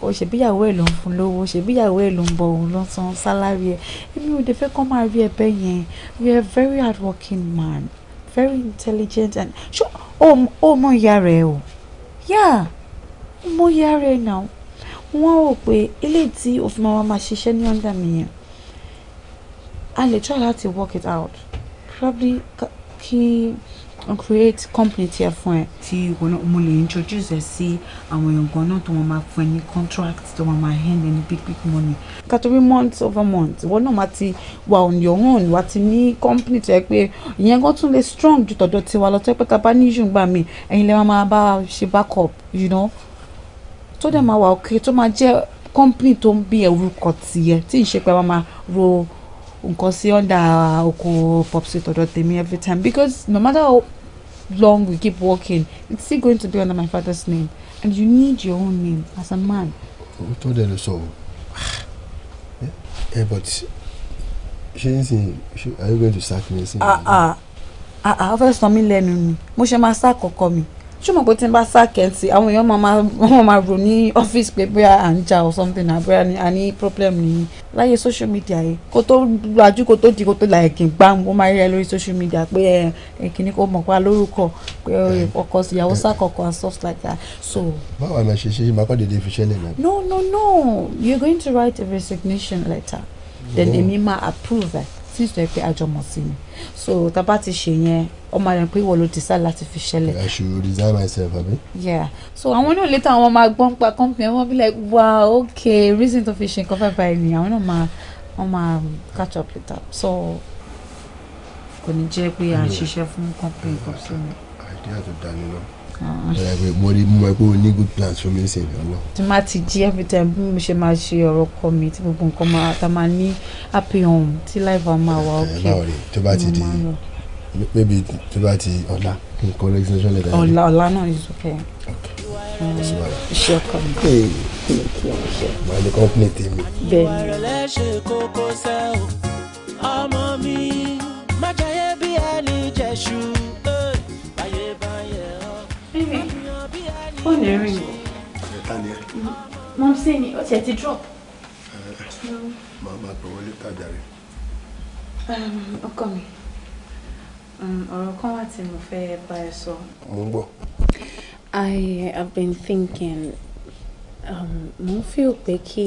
kò ṣèbíyàwó ẹ̀ ló ń fún lówó ṣèbíyàwó ẹ̀ ló ń bọ òun ló ń san sálárì ẹ̀ èmi ò dé fẹ́ kọ́ máa rí ẹ̀bẹ̀ yẹn you are a very hardworking man very intelligent and ṣó o mọ ìyá rẹ̀ o yeah mo yá rẹ náà wọ́n rò pé eléyìí tí òfin máa máa ṣiṣẹ́ ní under mi yẹn a lè try láti work it out probably kí. Ka- And create company tiẹ̀ fún ẹ. tí wọn mo lè introduce ẹ sí àwọn èèyàn gan náà tó wọn máa fún ẹ ní contract tó wọn máa hand ẹ ní big big money. kàtóbi month over month wọn náà máa ti wà on your own wà ti ní company tó yẹ pé ìyẹn gan tún lè strong ju tọ̀dọ̀ tiwa lọ tó yẹ pé tá a bá ní issue gbà mí ẹ̀yin lè máa bá a ṣe backup you know tó dẹ̀ máa wà òkè tó máa jẹ́ company tó ń bí orúkọ tiẹ̀ tí ì ṣe pé a máa ro nǹkan sí ọ̀dà oko popsi tọ̀dọ̀ tèmi every time because no matter long we keep walking. it's still going to be under my father's name. And you need your own name as a man. Ó told dẹ̀ so. Yeah. Eh, but she didn't sìn ṣé are you going to sack me? Ah ah ah ah, First, fẹ́ sọ mí lẹ́nu ni, mo ṣe máa sá kọ̀kọ́ mi ṣùgbọ́n pé tí n bá sá kẹ́ǹtì àwọn èèyàn máa wọ́n máa rò ní ọ́fíìsì pé bóyá à ń jà or something àbúrò a ní problem nìyí láyé social media yìí kó tó lajú kó tó di kó tó láyé kì í mo máa rí ẹ lórí social media pé ẹ kìíní kó mọ̀ pa lórúkọ pé ọkọ ìyàwó sákọ̀kọ̀ and stuff like that so. báwo ni a ṣe ṣe yìí màá kọ́ dédé fi ṣẹlẹ̀ náà. no no no you're going to write a resignation letter then èmi máa approve it things tó yẹ pé àjọmọ̀ sí ni so tá a bá ti ṣe yẹn ọmọ yẹn pé ìwọ ló decide láti fi ṣẹlẹ̀. I should resign myself abi. yeah so àwọn náà later àwọn máa gbọ́n pa company wọn be like wow okay reason to fi ṣe nǹkan fẹ́ báyìí ni àwọn náà máa wọ́n máa catch up later so kò ní jẹ́ pé à ń ṣiṣẹ́ fún company kan sí mi. àìdíyà tó dání náà mo rí mo mọ pé o good plans fún mi ṣe ìdáná. tí má ti jí every time bí mo ṣe máa ṣe ọ̀rọ̀ kọ mi tí gbogbo nǹkan máa ta máa ní happy home tí life máa wà ok. báwo ni tó maybe tó bá ti ọ̀la nǹkan registration letter. ọ̀la ọ̀la náà is okay. okay iṣẹ́ mm, ọkọ mi. bẹ́ẹ̀ni. fóònù ẹ̀ rìn o. ẹ ta ni ẹ. mo ń sìn ní ọ̀sẹ̀ ti drop. màá máa pè wọlé tàjà rẹ. Um, ọkọ mi um, ọ̀rọ̀ kan wà tí mo fẹ́ bá ẹ I have been thinking um, mo ń fi òpè kí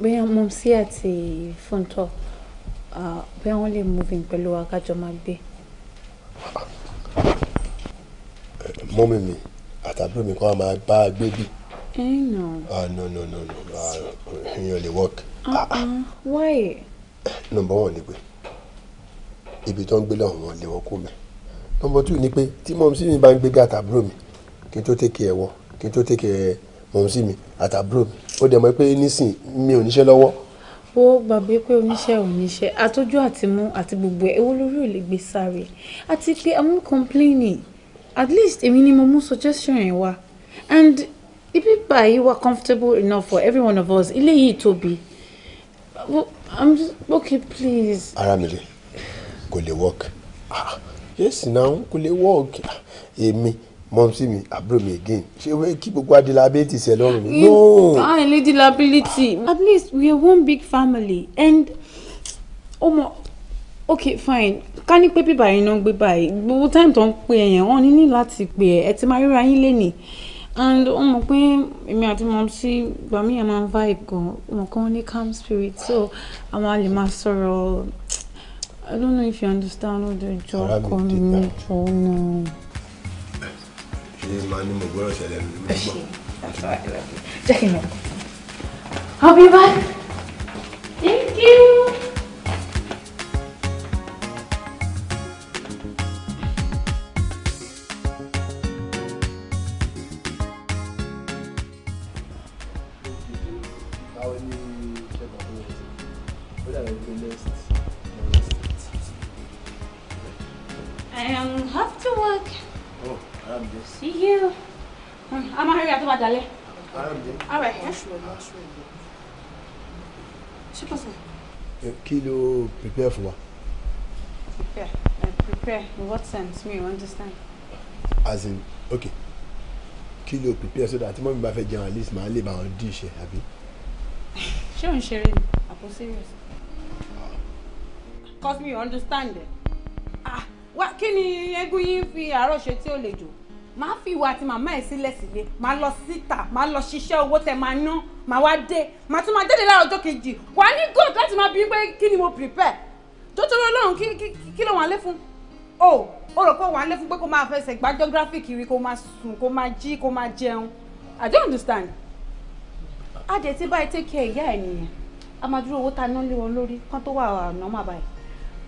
bóyá mo sí àti fóònù tọ̀ uh, bóyá wọ́n lè move in pẹ̀lú wa kájọ máa gbé. mọ́mì mi àtàbúrò mi kọ́ máa bá a gbé bì. Ah, no no no no ah, ìyẹn ò lè work. Ah, why. number one ni pé ibi tó ń gbé lọ́hùn wọn lè wọ́n kó mi number two ni pé tí mọ̀mísí mi bá ń gbé bí àtàbúrò mi kí n tó tẹ̀kẹ̀ ẹ̀ wọ kí n tó tẹ̀kẹ̀ ẹ̀ mọ̀mísí mi àtàbúrò mi ó dẹ̀ mọ́ pé nísìn mi ò níṣẹ́ lọ́wọ́ ó gbàgbé pé oníṣẹ́ oníṣẹ́ àtọ́jú àti mú àti gbogbo ẹ̀ ewu lórí ò lè gbé sáré àti pé i'm not complaining at least èmi ni mo mú suggestion yẹn wá and ibi báyìí wà comfortable enough for every one of us ilé yìí tóbi i'm just okay please. Aramide kò le work ah yes now kò lè work ah, èmi mọ̀mísí mi àbúrò mi again ṣé kí gbogbo adilability ṣe lọ́rùn mi. no ah adilability at least we are one big family and ọmọ ok fine ká ní pé bíbá yìí náà gbé báyìí gbogbo time tó ń pè ẹ yẹn wọn ní ní láti pè ẹ ẹ ti máa ríra yín lénìí and ó mọ̀ pé èmi àti mọ̀ sí gbàmí yẹn máa ń vibe gan mọ̀ kàn ní calm spirit so àwọn a lè máa sọ̀rọ̀ i don't know if you understand what ìjọ ọkọ mi jọ náà. ṣé màá ní mo gbọ́dọ̀ ṣẹlẹ̀ mi ló gbọ́. jẹ́ kí n lọ. I'll Thank you. máa dalẹ̀. all right. ṣé kò sàn. kí ló prepare fún wa. prepare I prepare in what sense me you understand. as in okay kí ló prepare so that mọ́mí bá fẹ́ jẹun at least màá lè bá wọn dín iṣẹ́ àbí. ṣé ò ń ṣeré ni àpò serious. cause me you understand. ah wá kí ni eégún yín fi àárọ̀ ṣe tí ó lè jò máa fi ìwà àti màmá ẹ̀ sílẹ̀ sílé máa lọ síta máa lọ ṣiṣẹ́ owó tẹ máa ná máa wá dé máa tún máa jáde láàárọ̀ ọjọ́ kejì wà á ní gold láti máa bí pé kí ni mo prepare tó tó lọ́rùn kí ló wà lé fún o o rò pé wà lé fún pé kó máa fẹsẹ̀ gbá geographic rí kó máa sùn kó máa jí kó máa jẹun I don't understand adé tí báyìí take care ìyá ẹ̀ nìyẹn a máa dúró owó ta ná lé wọn lórí kán tó wà nọ́mà báyìí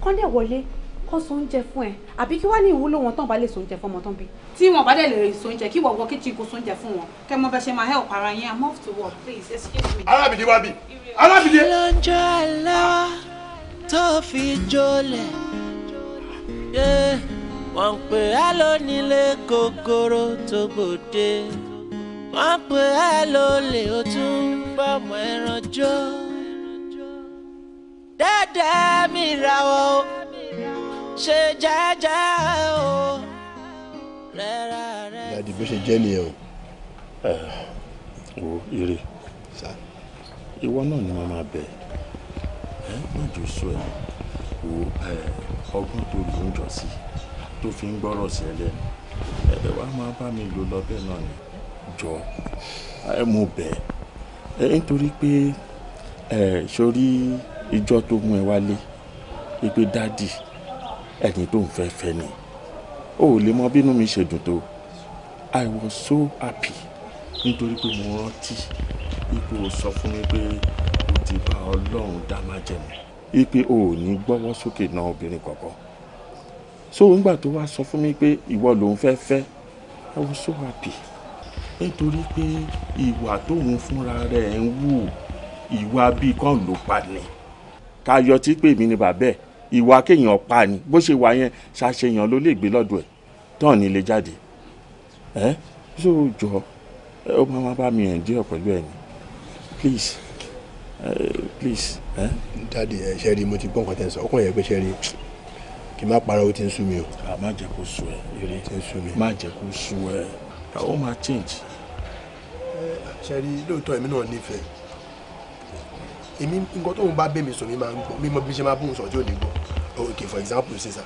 kán dẹ̀ wọlé kọ́ sóúnjẹ fún ẹ àbí kí wá ní ìwúlò wọn tán bá lè sóúnjẹ fún ọmọ tán bí. tí wọn bá dẹ̀ lè sóúnjẹ kí wọ́n wọ kíchìn kó sóúnjẹ fún wọn kẹ́ mo bẹ ṣe máa help ara yẹn move to work please excuse me. arábìdí wá bí arábìdí. lọ́jọ́ àlá tó fi jólẹ̀ wọ́n ń pè á lónílé kòkòrò tó gbòde wọ́n ń pè á lólè ó tún bọ́mọ ẹran jó. dẹ́dẹ́ mi ra wọ́n ṣe jẹ́jẹ́ o rẹ́ra rẹ́. dadi bó ṣe jẹ́ nìyẹn o. ẹ eh, wo ire ìwọ náà ni màmá bẹ ẹ eh, má jù sọ ẹ wo eh, ọgbọ́n tó lù ń jọ sí tó fi ń gbọ́rọ̀ sí ẹ lẹ́nu ẹ wá máa bá mi lò lọ bẹ́ẹ̀ náà ni jọ ẹ mú bẹ́ẹ̀ ẹ nítorí pé ẹ sórí ìjọ tó mú ẹ wálé pé dádì ẹni tó ń fẹ́ fẹ́ ni o ò lè mọ bínú mi ṣe dùn tó I was so happy nítorí pé mo rántí ipò sọ fún mi pé o ti bá ọlọ́run dá májẹ̀mú ipe o ò ní gbọ́wọ́ sókè náà obìnrin kankan so nígbà tó wá sọ fún mi pé ìwọ lòun fẹ́ fẹ́ I was so happy nítorí pé ìwà tóun fúnra rẹ̀ ń wù ìwà bíi kan ló pa ni ká yọtí pé mi ni bàbá ẹ̀ ìwà kéèyàn pa ni bó ṣe wà yẹn ṣàṣeyàn ló lè gbé lọ́dọ̀ ẹ̀ tán ni lè jáde ẹ́ ṣó o jọ ó máa máa bá mi ẹ̀ díẹ̀ pẹ̀lú ẹ̀ ni please please. dáàdi ẹ ṣe rí mo ti gbọ́ nǹkan tẹ́ ń sọ ọkùnrin yẹn pé ṣe rí kì í má parọ́ ó ti ń sú mi o. a má jẹ́ kó sú ẹ eré má jẹ́ kó sú ẹ ó máa change. ṣe rí lóòótọ́ èmi náà nífẹ̀ẹ́ èmi nǹkan tóun bá bẹ́ẹ̀ mi sọ mi máa ń gbọ́ mi mọ bí ṣe máa bóun sọ tí ò ní gbọ́ ok for example ṣe sà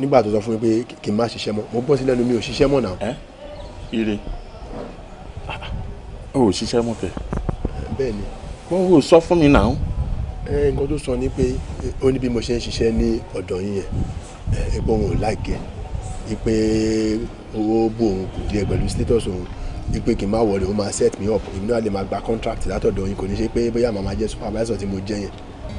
nígbà tó sọ fún mi pé kì í má ṣiṣẹ́ mọ́ mo bọ́ sí lẹ́nu mi ò ṣiṣẹ́ mọ́ náà. ire o ò ṣiṣẹ́ mọ́ fẹ́. bẹ́ẹ̀ ni. wọ́n ò sọ fún mi náà. nǹkan tó sọ ni pé ó ní bí mo ṣe ń ṣiṣẹ́ ní ọ̀dọ̀ yín yẹn ẹgbọ́n òun láìkẹ́ ni pé owó bò òun kò díẹ̀ pẹ̀lú status òun ní pé kí n má wọlé ó máa set me up èmi náà lè máa gba contract látọ̀dọ̀ yín kò ní ṣe pé bóyá màmá jẹ́ supervisor tí mo jẹ́ yẹn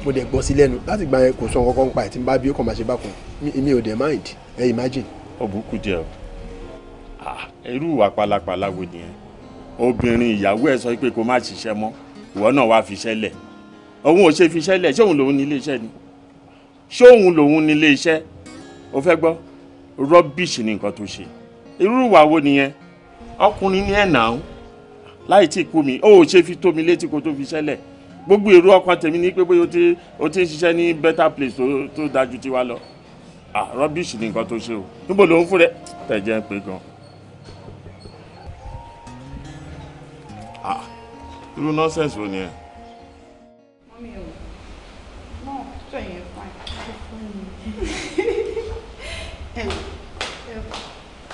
mo dẹ̀ gbọ́ sí lẹ́nu láti gba yẹn kò sọ nǹkan kan pa ẹ̀ tí n bá bí ó kàn máa ṣe bákan mi ò dẹ̀ mind ẹ imagine. ọ̀bùn kù jẹ́ o irú ìwà pálapàla wo nìyẹn obìnrin ìyàwó ẹ̀ sọ pé kó má ṣiṣẹ́ mọ́ ìwọ náà wàá fiṣẹ́ lẹ̀ òun ò ṣe fiṣẹ́ lẹ̀ ṣé òun lòun ní ilé iṣẹ́ ni ṣé òun lòun ní ilé iṣẹ́ o fẹ́ rubbish ni nǹkan tó ṣe irú ìwà wo nìyẹn ọkùnrin ní ẹ̀nà o láì tí kú mi ó ṣe fi tó mi létí kó tó fi ṣẹlẹ̀ gbogbo èrò ọkàn tèmi ní pé bóyá o ti ń ṣiṣẹ́ ní better place tó dájú tiwa lọ ah rubbish ni nǹkan tó ṣe o níbo ló ń fún rẹ tẹ̀jẹ̀ pé gan. ah irú nọ́sẹ̀sì wo ni ẹ. mọ́mí o náà tó yẹn fún ẹ fún mi.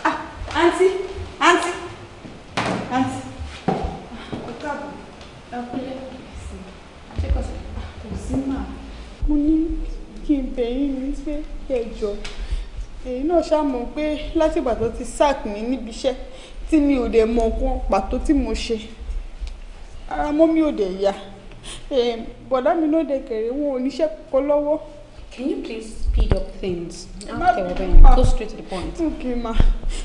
ah àǹtí. mo ní kí n bẹ̀ yín ní pé ẹjọ́ èyí náà ṣàmọ̀ pé látìgbà tó ti sack mi níbi iṣẹ́ tí mi ò dẹ̀ mọ nǹkan pàtó tí mo ṣe ara mọ́ mi ò dẹ̀ yá bọ̀dá mi ló dẹ̀ kẹ̀rẹ̀ wọn ò níṣẹ́ kọ́ lọ́wọ́. Can you please speed up things? Okay, Obin, go straight to the point. Okay, ma.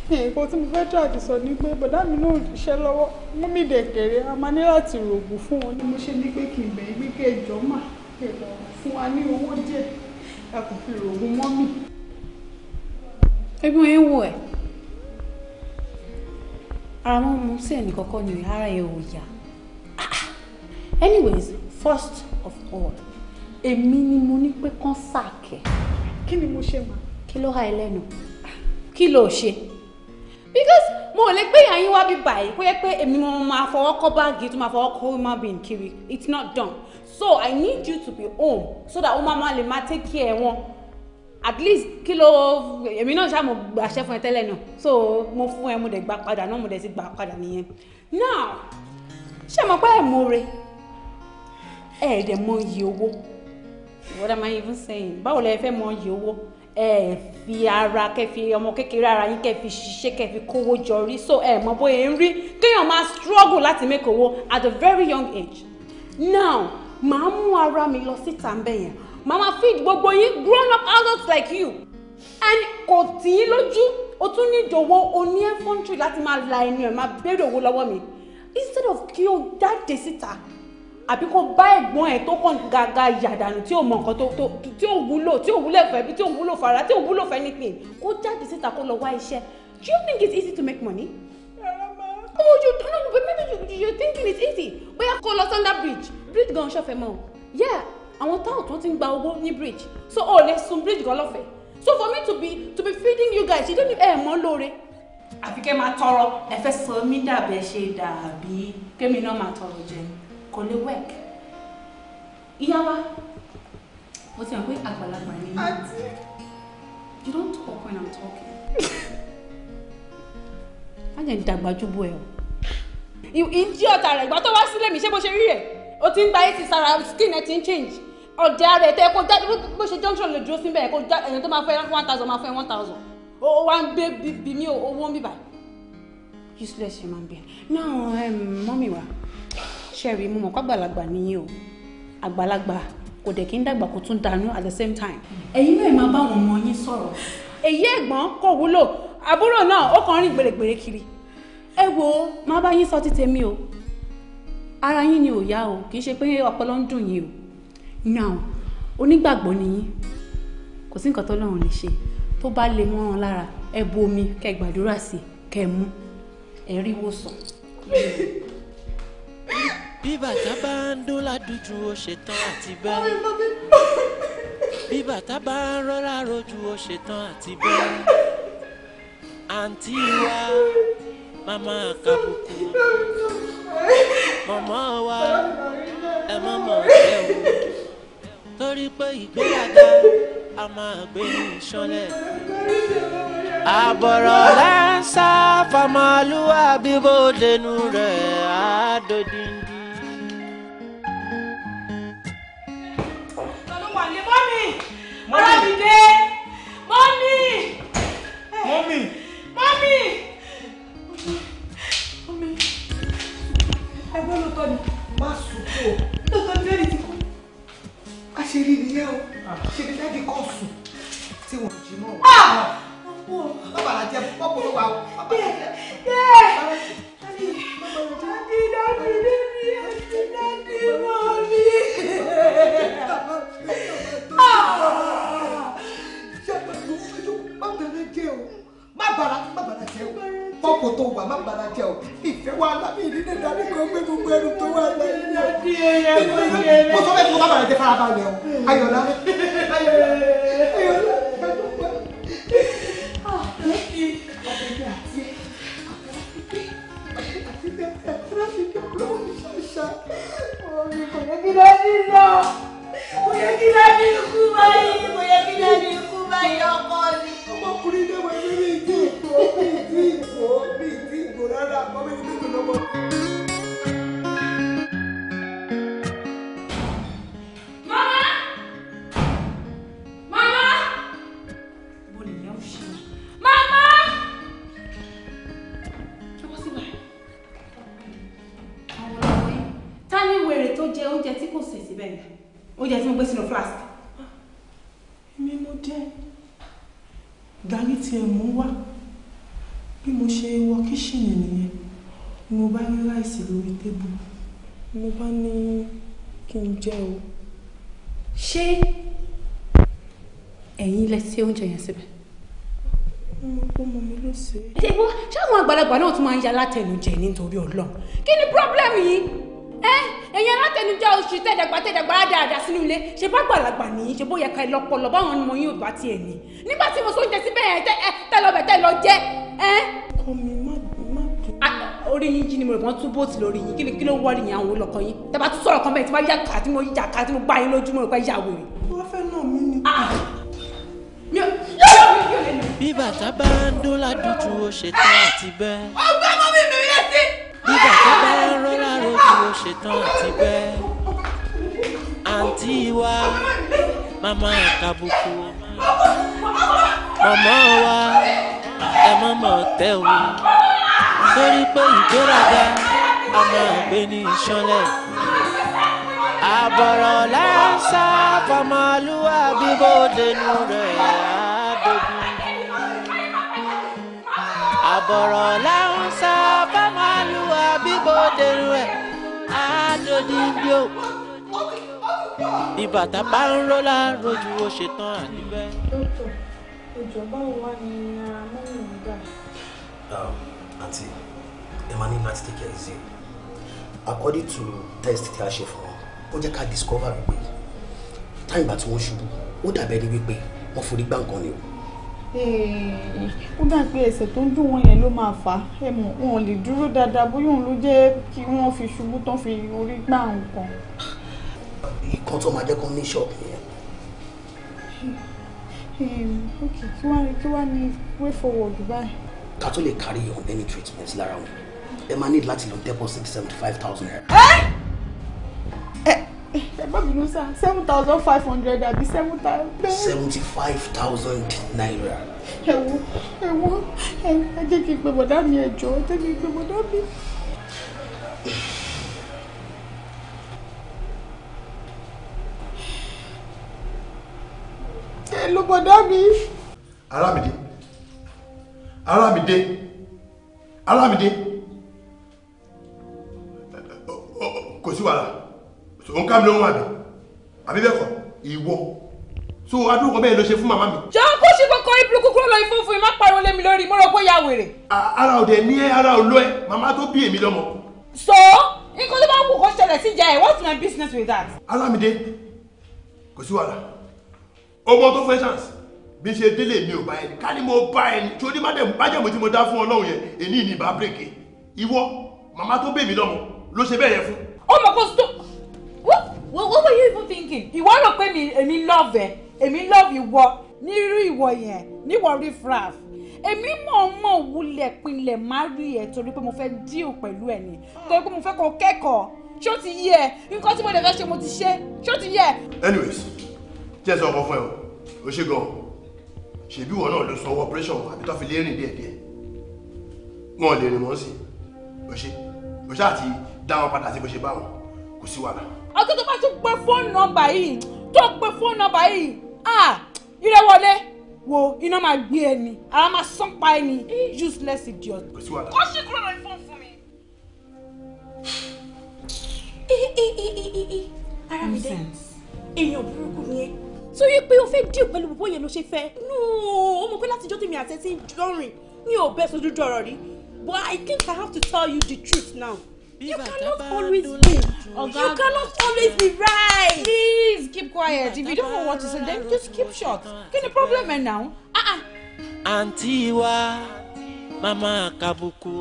Nǹkan tí mo fẹ́ tó àti sọ ni pé bọ̀dá mi náà ṣiṣẹ́ lọ́wọ́, mú mi dẹ̀ kẹ̀rẹ̀, a máa ní láti rògbò fún wọn ni mo ṣe ní pé kì í bẹ̀ yí pé kẹjọ mà ẹ̀rọ fún wa ní owó díẹ̀ ẹ kò fi rògùn mọ́mì. ẹ̀gbọ́n yẹn wò ẹ ara mọ́ mu sí ẹnì kọ́kọ́ ni ara ẹ ò yá anyways first of all èmi ni mo ní pé kán sàkẹ́. kí ni mo ṣe mà. kí ló há ẹ lẹ́nu kí ló ṣe because mo ò lè pé àyín wá bí báyìí kó yẹ pé èmi mo máa fọwọ́ kọ́ báàgì tó máa fọwọ́ kọ́ human being kiri it's not done so i need you to be home so that ó máa ma take care wọn at least kilo. ló èmi náà ṣáà mo gbàṣẹ fún ẹ tẹ́lẹ̀ náà so mo fún ẹ mo dẹ̀ gbà padà náà mo dẹ̀ ti gbà padà nìyẹn now ṣé mo pẹ́ ẹ̀ mọ́re ẹ̀ ẹ̀ dẹ̀ mọ iye owó what am i even saying báwo lẹ fẹ́ mọ iye owó ẹ ẹ fi ara kẹ fi ọmọ kékeré ara yín kẹ fi ṣiṣẹ́ kẹ fi kówó jọ rí so ẹ mọ bóyá ń rí kéèyàn máa struggle láti make owó at a very young age now màá mú ara mi lọ síta ń bẹ̀ yẹn màá máa feed gbogbo yín grown up adults like you and kò tì í lójú o tún ní ìdòwò oní ẹ̀fọ́ntì láti máa la ẹnu ẹ̀ máa béèrè owó lọ́wọ́ mi instead of kí o jáde síta àbí kó bá ẹ̀gbọ́n ẹ̀ tó kàn gàgà yàdànù tí ò mọ nǹkan tó tí ò wúlò tí ò wúlò ẹ̀fọ́ ẹbí tí ò wúlò fara tí ò wúlò for anything kó jáde síta kó lọ wá iṣẹ́ do you think it's easy to make money? Oh, you don't know, but maybe you, you're thinking it's easy. Bóyá kó lọ Sunday Bridge bridge gan ṣọ̀fẹ́ mọ́ yeah àwọn táwọn tó ti ń gba owó ní bridge so o lè sun bridge gan lọ́fẹ̀ẹ́ so for me to be to be feeding you guys you don't need ẹ̀ mọ́ lóore. àfi kẹ́ máa tọrọ ẹ fẹ́ sọ mí dàbẹ́ ṣe dàbí kémi náà máa tọrọ jẹ kò lè work. ìyá wa mo ti hàn pé àgbàlagbà ni mi you don't talk when i'm talking. má jẹ́ dàgbà jù bú ẹ o ìdí ọ̀tá rẹ̀ ìgbà tó wá sílé mi ṣé bó ṣe rí rẹ̀ o ti ń gba ac sára skin ẹ ti ń change ọ̀dẹ̀ ara ẹ̀ tẹ́ kó jáde bó ṣe junction lè dúró síbẹ̀ kó já ẹ̀yìn tó máa fẹ́ one thousand máa fẹ́ one thousand ó wá ń gbé bí mi owó ń bíbà useless human being now mọ́mì wa ṣẹ́ẹ̀rì mo mọ̀ pàgbàlagbà nìyí o àgbàlagbà kò dẹ̀ kí ń dàgbà kó tún dànù at the same time. ẹ̀yin náà máa bá àwọn ọmọ yín sọ̀rọ̀. èyí ẹ̀gbọ́n kò wúlò àbúrò náà ó kàn ń rìn gbèrègbèrè kiri ẹ wo máa bá yín sọ títẹ̀ mi o ara yín ni ò yá o kì í ṣe pé ọpọlọ ń dùn yín o now onígbàgbọ́ ni yín kò sí nǹkan tọ́lọ́run lè ṣe tó bá lè mọ́ràn lára ẹ bu omi kẹ gbàdúrà sí kẹ mú ẹ rí wòsàn. bí bàtà bá ń dún ládùjú ó ṣetán àti bẹ́ẹ̀ bí bàtà bá ń rọ́lá rojú ó ṣetán àti bẹ́ẹ̀ àǹtí wa mama kabuku mama wa ẹ mọ̀ mọ̀ ẹ wò torí pé ìgbéyàgá a máa gbé ní ìṣọ́lẹ̀. àbọ̀rọ̀ lẹ́sà famaluwa bíbó dẹnu rẹ̀ àádọ́díndín. mọ̀mí mọ̀mí mọ̀mí mọ̀mí. ẹgbẹ́ lóòótọ́ ni má sùkúrò lóòótọ́ ni fẹ́ẹ́ ti kú a ṣe rí nìyẹn o ah. ṣe ní dáàdi kan sùn tí wọ́n jí mọ́ o. wọ́n bàrà jẹ pọ́pọ́ ló wà o. dáàdi dáàdi dáàdi dáàdi dáàdi mọ́ mi. Ah! ṣé àgbàdo ẹjọ́ má bàrà jẹ o má bàrà má bàrà jẹ o fọ́pọ̀ tó wà má bàrà jẹ́ o ìfẹ́ wa lábẹ́ ìdílé dání kan gbé gbogbo ẹrù tó wà lẹ́yìn o. mo sọ bẹ́ẹ̀ mo bá bàrà jẹ́ farabalẹ̀ o ayọ̀lá ayọ̀lá ayọ̀lá ọkùnrin náà wà lórí. kí n jẹ o ṣé ẹ̀yin lẹ ṣe oúnjẹ yẹn síbẹ̀. ó mọ mi ló ṣe. ṣé àwọn àgbàlagbà náà tún máa ń ya látẹnujẹ nítorí Ọlọ́run kí ni problem yìí ẹ̀yin alátẹnujẹ oṣù tẹ̀dẹ̀gbà tẹ̀dẹ̀gbà dáadáa sínú ilé ṣe bá gbàlagbà nìyí ṣe bó yẹ ká ẹ lọpọlọ báwọn ọmọ yín ò bá tiẹ̀ ní nígbà tí mo sọ oúnjẹ síbẹ̀ ẹ tẹ lọ bẹ̀ tẹ lọ jẹ. ọkọ mi orí yín jí ni mo rò wọ́n tún bóòtù lórí yín kí ni kí ló wọ́ọ̀rì yín àwọn olùkọ́ yín tẹ́ bá tún sọ̀rọ̀ kan bẹ́ẹ̀ tí wọ́n yá kà tí mo yíjà kà tí mo gbá yín lójú mo rò pé yà wèrè. wọ́n fẹ́ nà mí ni. Ah, ah. bí bàtà bá ń dún ládùúgbò ó ṣe tán àti bẹ́ẹ̀. ọgbẹ́ mọ́ mi mi yé sí. bí bàtà bá ń rán lárojú ó ṣe tán àti bẹ́ẹ̀. àǹtí wa màmá àkàbùkù mọ̀mọ́ wa ẹ̀ torí pé ìgbéraga ọmọ ìgbé ní ìṣọ̀lẹ̀. àbọ̀rọ̀ lẹ́sà fọmọlúwà bíbó dẹnu rẹ̀ àdógún. àbọ̀rọ̀ lẹ́sà fọmọlúwà bíbó dẹnu rẹ̀ àdógún. ìbàtà bá ń ró lárojú ó ṣetán àníbẹ̀. dókítà ìjọba wa ni ara mọ́mí ń gbà. Oh. Auntie, ẹ máa ní take care easy according to test tí a ṣe fún discover wípé táyì Time tí wọ́n ṣubú ó dàbẹ́ ni wípé wọ́n forí gbá nǹkan ni o. ó dà pé ẹsẹ̀ don't ń dùn wọn yẹn ló máa fà á ẹ mọ̀ wọn ò lè dúró dáadáa bóyá òun ló jẹ́ kí wọ́n fi ṣubú bank fi He gbá nǹkan. ìkan tó máa jẹ́ kó ní ṣọ́ọ̀bù yẹn. Hmm, hmm, ok kí wàá ní way forward báyìí ká tó lè carry on any treatment lára wọn ẹ máa need láti lọ deposit seventy five thousand naira. ẹ bá mi lù sá seven thousand five hundred àbí seven thousand. seventy five thousand naira. ẹ wo ẹ wo ẹ jẹ́ kí n pe bọ̀dá mi ẹ jọ̀ọ́ ẹ jẹ́ kí n pe bọ̀dá mi. ẹ lọ bọ̀dá mi. Arábìdí. Aramide Aramide kò sí wàhálà òun ká mi lóhun àbí àbí bẹ́ẹ̀ kọ́ ìwọ so adúgbò bẹ́ẹ̀ ló ṣe fún màmá mi. jọ kó ṣe kọkọ ibùdó kúkúrú lọ ifun fún mi má pariwo lé mi lórí mo rò pé ya wèrè. ara ò dẹ̀ ní ẹ ara ò lọ ẹ màmá tó bí èmi lọ́mọ. so nǹkan tó bá wù kó ṣẹlẹ̀ sí jẹ́ ẹ̀ what's my business with that. Aramide kò sí wàhálà ọmọ tó fẹ́ chance bí ṣe délé mi ò bá ẹni ká ní mo bá ẹni tí ó ní májẹ̀mú tí mo dá fún ọlọ́run yẹn èní ni ìbá bírèkì ìwọ màmá tó bèmí lọ́mọ ló ṣe bẹ́ẹ̀ yẹn fún. ó mọ̀ kó stop what what were you even thinking? ìwọ rò pé èmi love ẹ èmi love ìwọ ní irú ìwọ yẹn níwọ rí fraf èmi mọ̀ mọ̀ wulẹ̀ pinlẹ̀ má rí ẹ̀ torí pé mo fẹ́ deal pẹ̀lú ẹ̀ ni torí pé mo fẹ́ kó kẹ́kọ̀ọ́ ṣó ti yé ẹ nǹkan tí mo lè fẹ́ ṣe mo ti ṣe ṣó ti yé ẹ. anyways jẹ́ sọ ọkọ fún ẹ o ò ṣe gan-an ṣèbí ìwọ náà ló sanwó operation wọn àbí tó fi lérìn díẹ̀díẹ̀ wọn lè rìn mọ́ sí bó ṣe bó ṣe àti dá wọn padà sí bó bá wọn kò sí wàhálà. ọjọ́ tó bá tún pe fóònù nọ́mbà yìí tó pe fóònù nọ́mbà yìí ah, ìrẹ́wọlé wo iná máa gbé ẹni ara máa sán pa ẹni useless idiot. kò sí wàhálà. kó sì kúrò lórí fóònù fún mi. ara mi dẹ́ èèyàn burúkú ni ẹ́ torí pé o fẹ́ díò pẹ̀lú bòbó yẹn ló ṣe fẹ́ nù ó mọ̀ pé látijọ́ tèmi àti ẹtí dọ́rin mi ò bẹ́ẹ̀ sojú dọ̀rọ̀ rí but I think I have to tell you the truth now. You cannot always be. you cannot always be right. Please keep quiet. If you don't know what to say, then just keep short. Can the problem end now? Ah, ah. Àǹtí wa Mama Kabuku,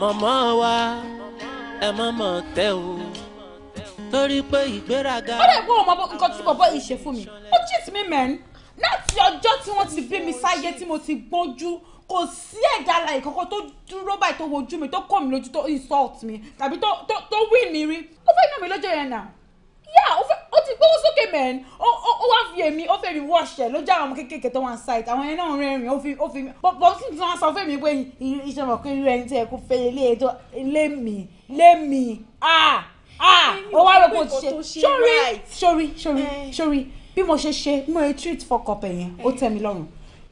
Mama wa ẹ má mọ̀ torí pé ìgbéraga. ó lè gbọ́ ọmọ nǹkan tí bọ̀bọ́ yìí ṣe fún mi ó cheat mi mẹ́rin láti ọjọ́ tí wọ́n ti bí mi sáyé tí mo ti gbójú kò sí ẹ̀dá alàyè kankan tó dúró báyìí tó wojú mi tó kọ́ mi lójú tó insult mi tàbí tó wí mi rí ó fẹ́ iná mi lọ́jọ́ yẹn náà yá ó ti gbówó sókè mẹ́rin ó wá fi èmi ó fẹ́ mi wọ́ọ̀ṣẹ̀ lójú àwọn ọmọ kéékèèké tó wà ń ṣáìtì àwọn ẹni náà rẹ́rìn ó fi ó fi bọ́ sí ti wọ́n sọ fún mi pé iṣẹ́ mọ̀ pé irú ẹni tí ẹ kò fẹ́ lé mi lé mi ah Ah, wá rò pé o ti ṣe sórí sórí sórí eh. sórí bí mo ṣe ṣe mo ṣe treat for pẹ̀ yẹn ó tẹ́ mi lọ́rùn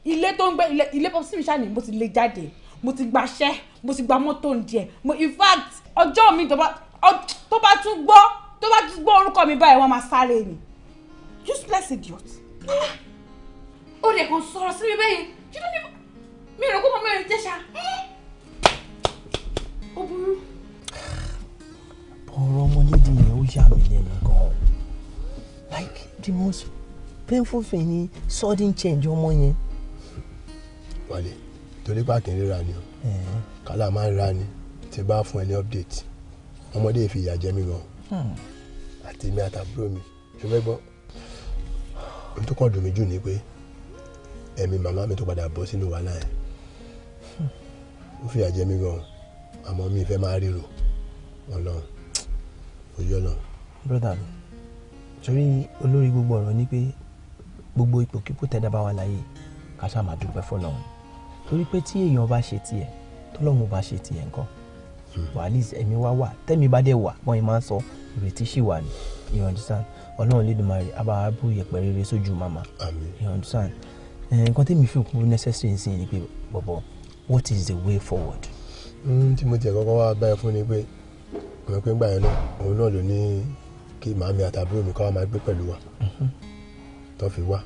ilé tó ń gbé ilé bọ́ sí mi ṣáà ni mo ti lè jáde mo ti gbaṣẹ́ mo ti gba mọ́tò ń mo in fact ọjọ́ mi tó bá tún gbọ́ tó bá tún gbọ́ orúkọ mi báyìí wọ́n máa sáré ni useless idiot. Ah! ó lè kàn sọ̀rọ̀ sí mi bẹ́yìn ṣé tó ní mi rò kó mọ̀ mi rò jẹ́ ṣá. Eh? ó burú ọ̀rọ̀ ọmọlédè yẹn ó yà mí lẹ́nu gan-an like the most painful thing ni sudden change ọmọ yẹn. wálé torí pàkì ń ríra ni o kálá máa ń ra ni tí bá fún ẹ ní update ọmọdé yìí fi ìyà jẹ mí gan-an hmm. àti mi àtàbúrò mi ṣe fẹ́ gbọ́ ohun tó kàn dùn mí jù ni pé ẹ̀mí màmá mi tó padà bọ́ sínú wàhálà yẹn hmm. ó fìyà jẹ mí gan-an àmọ́ mi fẹ́ máa ríro ọlọ́run ojú ọ̀nà. brọ́dà mi torí olórí gbogbo ọ̀rọ̀ ni pé gbogbo ipòkípò tẹ́dá bá wà láyé ká ṣáà máa dúpẹ́ fọlọ́run torí pé tí èèyàn bá ṣe tiẹ̀ tọ́lọ́run bá ṣe tiẹ̀ nǹkan hmm. wàhálìs ẹ̀mí wá wà tẹ́mi bá dẹ̀ wà wọ́n yìí máa ń sọ ìrètí ṣì wà ní you understand ọlọ́run lédùmarè abáwá bú yẹ̀pẹ̀ rere sójú màmá you understand nǹkan tẹ́mi fi kú necessary ń sìn ni pé bọ̀bọ̀ what is the way forward. tí mo tiẹ̀ kọ́kọ́ wá báyìí fún ni pé pẹ̀lú pé ńgbà yẹn náà òun náà ló ní kí màámi àtàbúrò mi káwá máa gbé pẹ̀lú wa tó fi wá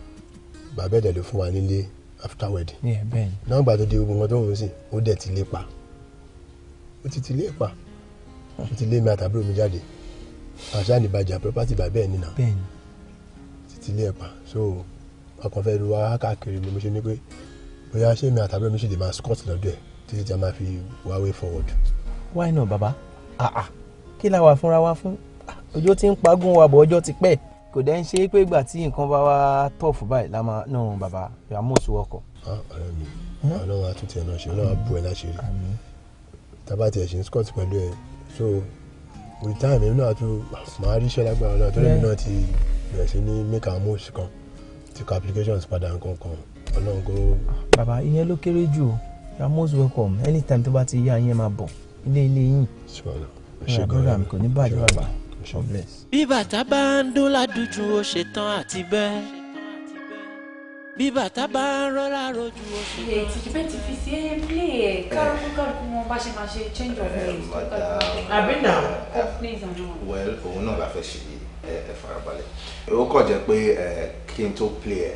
bàbá ẹ̀dẹ̀ ló fún wa nílé after wedding náà gbà tó di gbogbo wọn tó ń sìn ó dẹ̀ ti lé pa ó ti ti lé pa ó ti lé mi àtàbúrò mi jáde àṣà nìbàjá property bàbá ẹ̀ nínà ti ti lé pa so ọkàn fẹ́ lu wa káàkiri mo ṣe ní pé bóyá ṣé mi àtàbúrò mi ṣe lè máa scott lọ́dọ̀ ẹ̀ títí tí a máa fi wáwé forward. why not baba? ah ah kí la wà fúnra wa fún ọjọ́ tí ń pagún wa bọ̀ ọjọ́ ti pẹ́ kò dẹ́n ṣe pé ìgbà tí nǹkan bá wa tọ̀fù báyìí la máa nù bàbá yóò ah, ọkọ̀. ọlọ́run àtúntì ẹ̀ náà ṣe ọlọ́run àbú ẹ̀ láṣìírí tábà tí ẹ̀ ṣe ń scott pẹ̀lú ẹ̀ so with time èmi náà tún máa rí iṣẹ́ lágbára náà tó lẹ́yìn náà ti bẹ̀rẹ̀ sí ní make our kan ti kọ applications padà nǹkan kan ọlọ́run kó. bàbá ìyẹn ló kéré jù you are anytime tó bá ti yá ìyẹn máa bọ̀ ilé ilé yìí ṣe kò ní bàjẹ́ bàbá God bless. bí bàtà bá ń dún ládùjú ó ṣe tán àti bẹ́ẹ̀ bí bàtà bá ń rọ́lá rojú ó ṣe tán. ètò ìdíbẹ̀ ti fi sí plé ẹ̀ kárùkù kárùkù wọn bá ṣe máa ṣe change of place àbí nà complaints and well òun náà la fẹ́ ṣe eh, ẹ farabalẹ̀ ó kàn jẹ́ pé eh, kí n tó play ẹ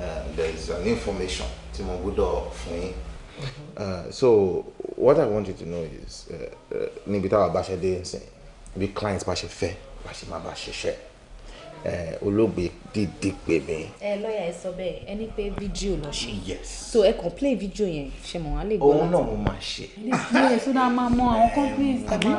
eh, there is an information tí mo gbọ́dọ̀ fún yín. Uh, so what I want you to know is uh, uh, níbi táwa bá ṣe dé nsìn ibi client bá ṣe fẹ́ bá ṣe máa bá ṣiṣẹ́ uh, olóògbé dìde pè mí. ẹ lọ́ọ̀yà ẹ sọ bẹ́ẹ̀ ẹ pé fídíò lọ ṣe. yes. so ẹ kàn play fídíò yẹn ṣe mọ̀ wọ́n lè gbọ́. òun náà mo máa ṣe. ilé ìṣúná máa mọ àwọn companies tàbí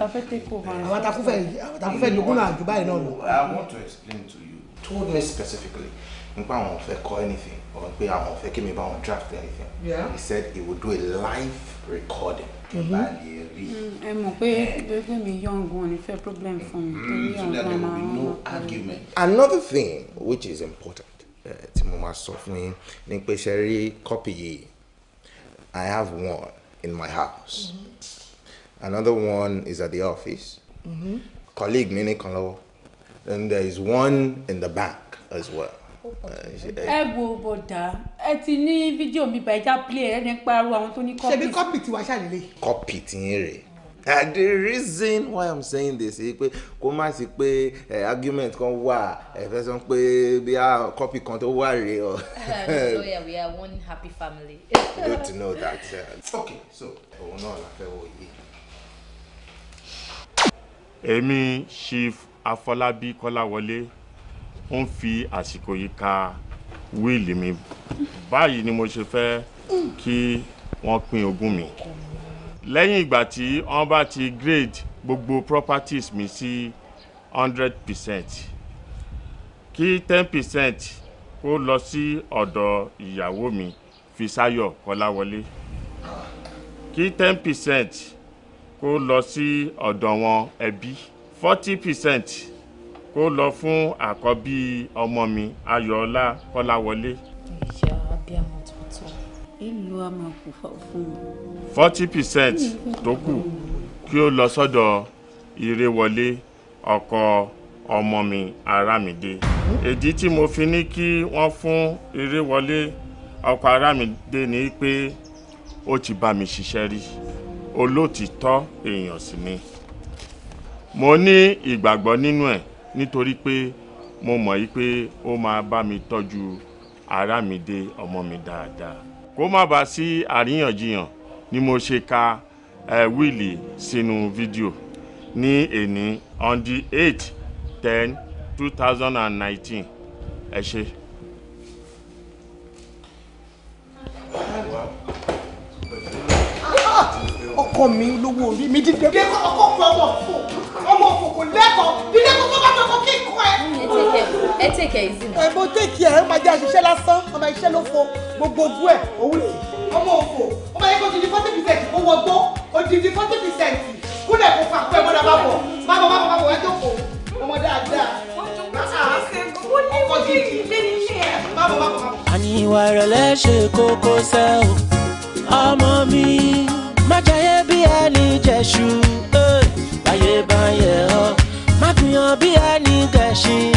tàfẹ́ take over. àwọn takúfẹ́ àwọn takúfẹ́ lókun náà àjùbáyé náà lọ. I want to explain to you told me specifically nípa àwọn ò fẹ́ kọ́ anything or pé àwọn ò fẹ́ kí mi bá wọn draft anything yeah. he said he would do a live recording báyìí mm-hmm. rí. Mm, ẹ mọ̀ pé gbẹ́gbẹ́ mi yọ̀ ǹgan ni fẹ́ problem fún mi mm-hmm. torí ọ̀gá máa no argument. another thing which is important eh, tí mo máa sọ fún yín ni pé ṣe rí copy yìí I have one in my house mm -hmm. another one is at the office mm -hmm. colleague mi nìkan lọ́wọ́ and there is one in the bank as well ẹ wo bọ̀dà ẹ ti ní fídíò mi bàjá play ẹ ní pariwo àwọn tó ní kọ́pì. ṣebí kọ́pì tiwa ṣàlélẹ̀. kọ́pì tí ń rè and ah, the reason why i'm saying this is pé kó má sí pé eh, argument kan wà ẹ fẹ́ sọ pé bí a copy kan tó wà rèé o. so yeah we are one happy family. good to know that. okay so òun náà la fẹ́ wọ yìí. èmi chief afọlábí kọ́láwọlé ó ń fi àsìkò yìí ka wíìlì mi báyìí ni mo ṣe fẹ́ kí wọ́n pín ogún mi lẹ́yìn ìgbà tí wọ́n bá ti grade gbogbo properties mi sí hundred percent kí ten percent kó lọ sí ọ̀dọ̀ ìyàwó mi Fisáyọ̀ Kọ́láwọlé kí ten percent kó lọ sí ọ̀dọ̀ wọn ẹbí forty percent kó lọ fún àkọ́bí ọmọ mi ayọ̀ọ́lá kọ́láwọlé. ìyá abiyamọ tuntun èlò a máa kú fún un. forty percent tó kù kí ó lọ sọ́dọ̀ ìrèwọlé ọkọ ọmọ mi arámidé. ìdí tí mo fi ní kí wọ́n fún ìrèwọlé ọkọ arámidé ni pé ó ti bá mi ṣiṣẹ́ rí olótìtọ́ èèyàn sì ni mo ní ìgbàgbọ́ nínú ẹ̀ nítorí pé mo mọ̀ yí pé ó máa bá mi tọ́jú Àràmídé ọmọ mi dáadáa kó má bàa sí àríyànjiyàn ni mo ṣe ka wíìlì sínú fídíò ní èní on the eight ten two thousand and nineteen ẹ ṣe. Ah! ọkọ mi lówó orí mi dídé. ọkọ mi ọmọ fún ọmọ òkòkò lẹ́kọ̀ọ́ ilé kókó bá tọkọ kí kọ ẹ. ẹ tèkẹ ìsìn. ẹ mo tèkẹ ẹ máa jẹ àṣìṣe lásán ọmọ iṣẹ́ ló fo gbogbo ojú ẹ òun lè ọmọ òfò ọmọ yẹn kò ti di forty percent kó wọgbó odidi forty percent kúlẹ̀ kó fà pé mọ́nà bá bọ̀ má bọ̀ má bọ̀ má bọ̀ wá jókòó ọmọ dáadáa ọkọ̀ gidi má bọ̀ má bọ̀ má bọ̀. ṣe kókó sẹ́ o ọmọ mi má bí ẹni jẹ̀ṣu. bí ẹni gẹ̀ṣin.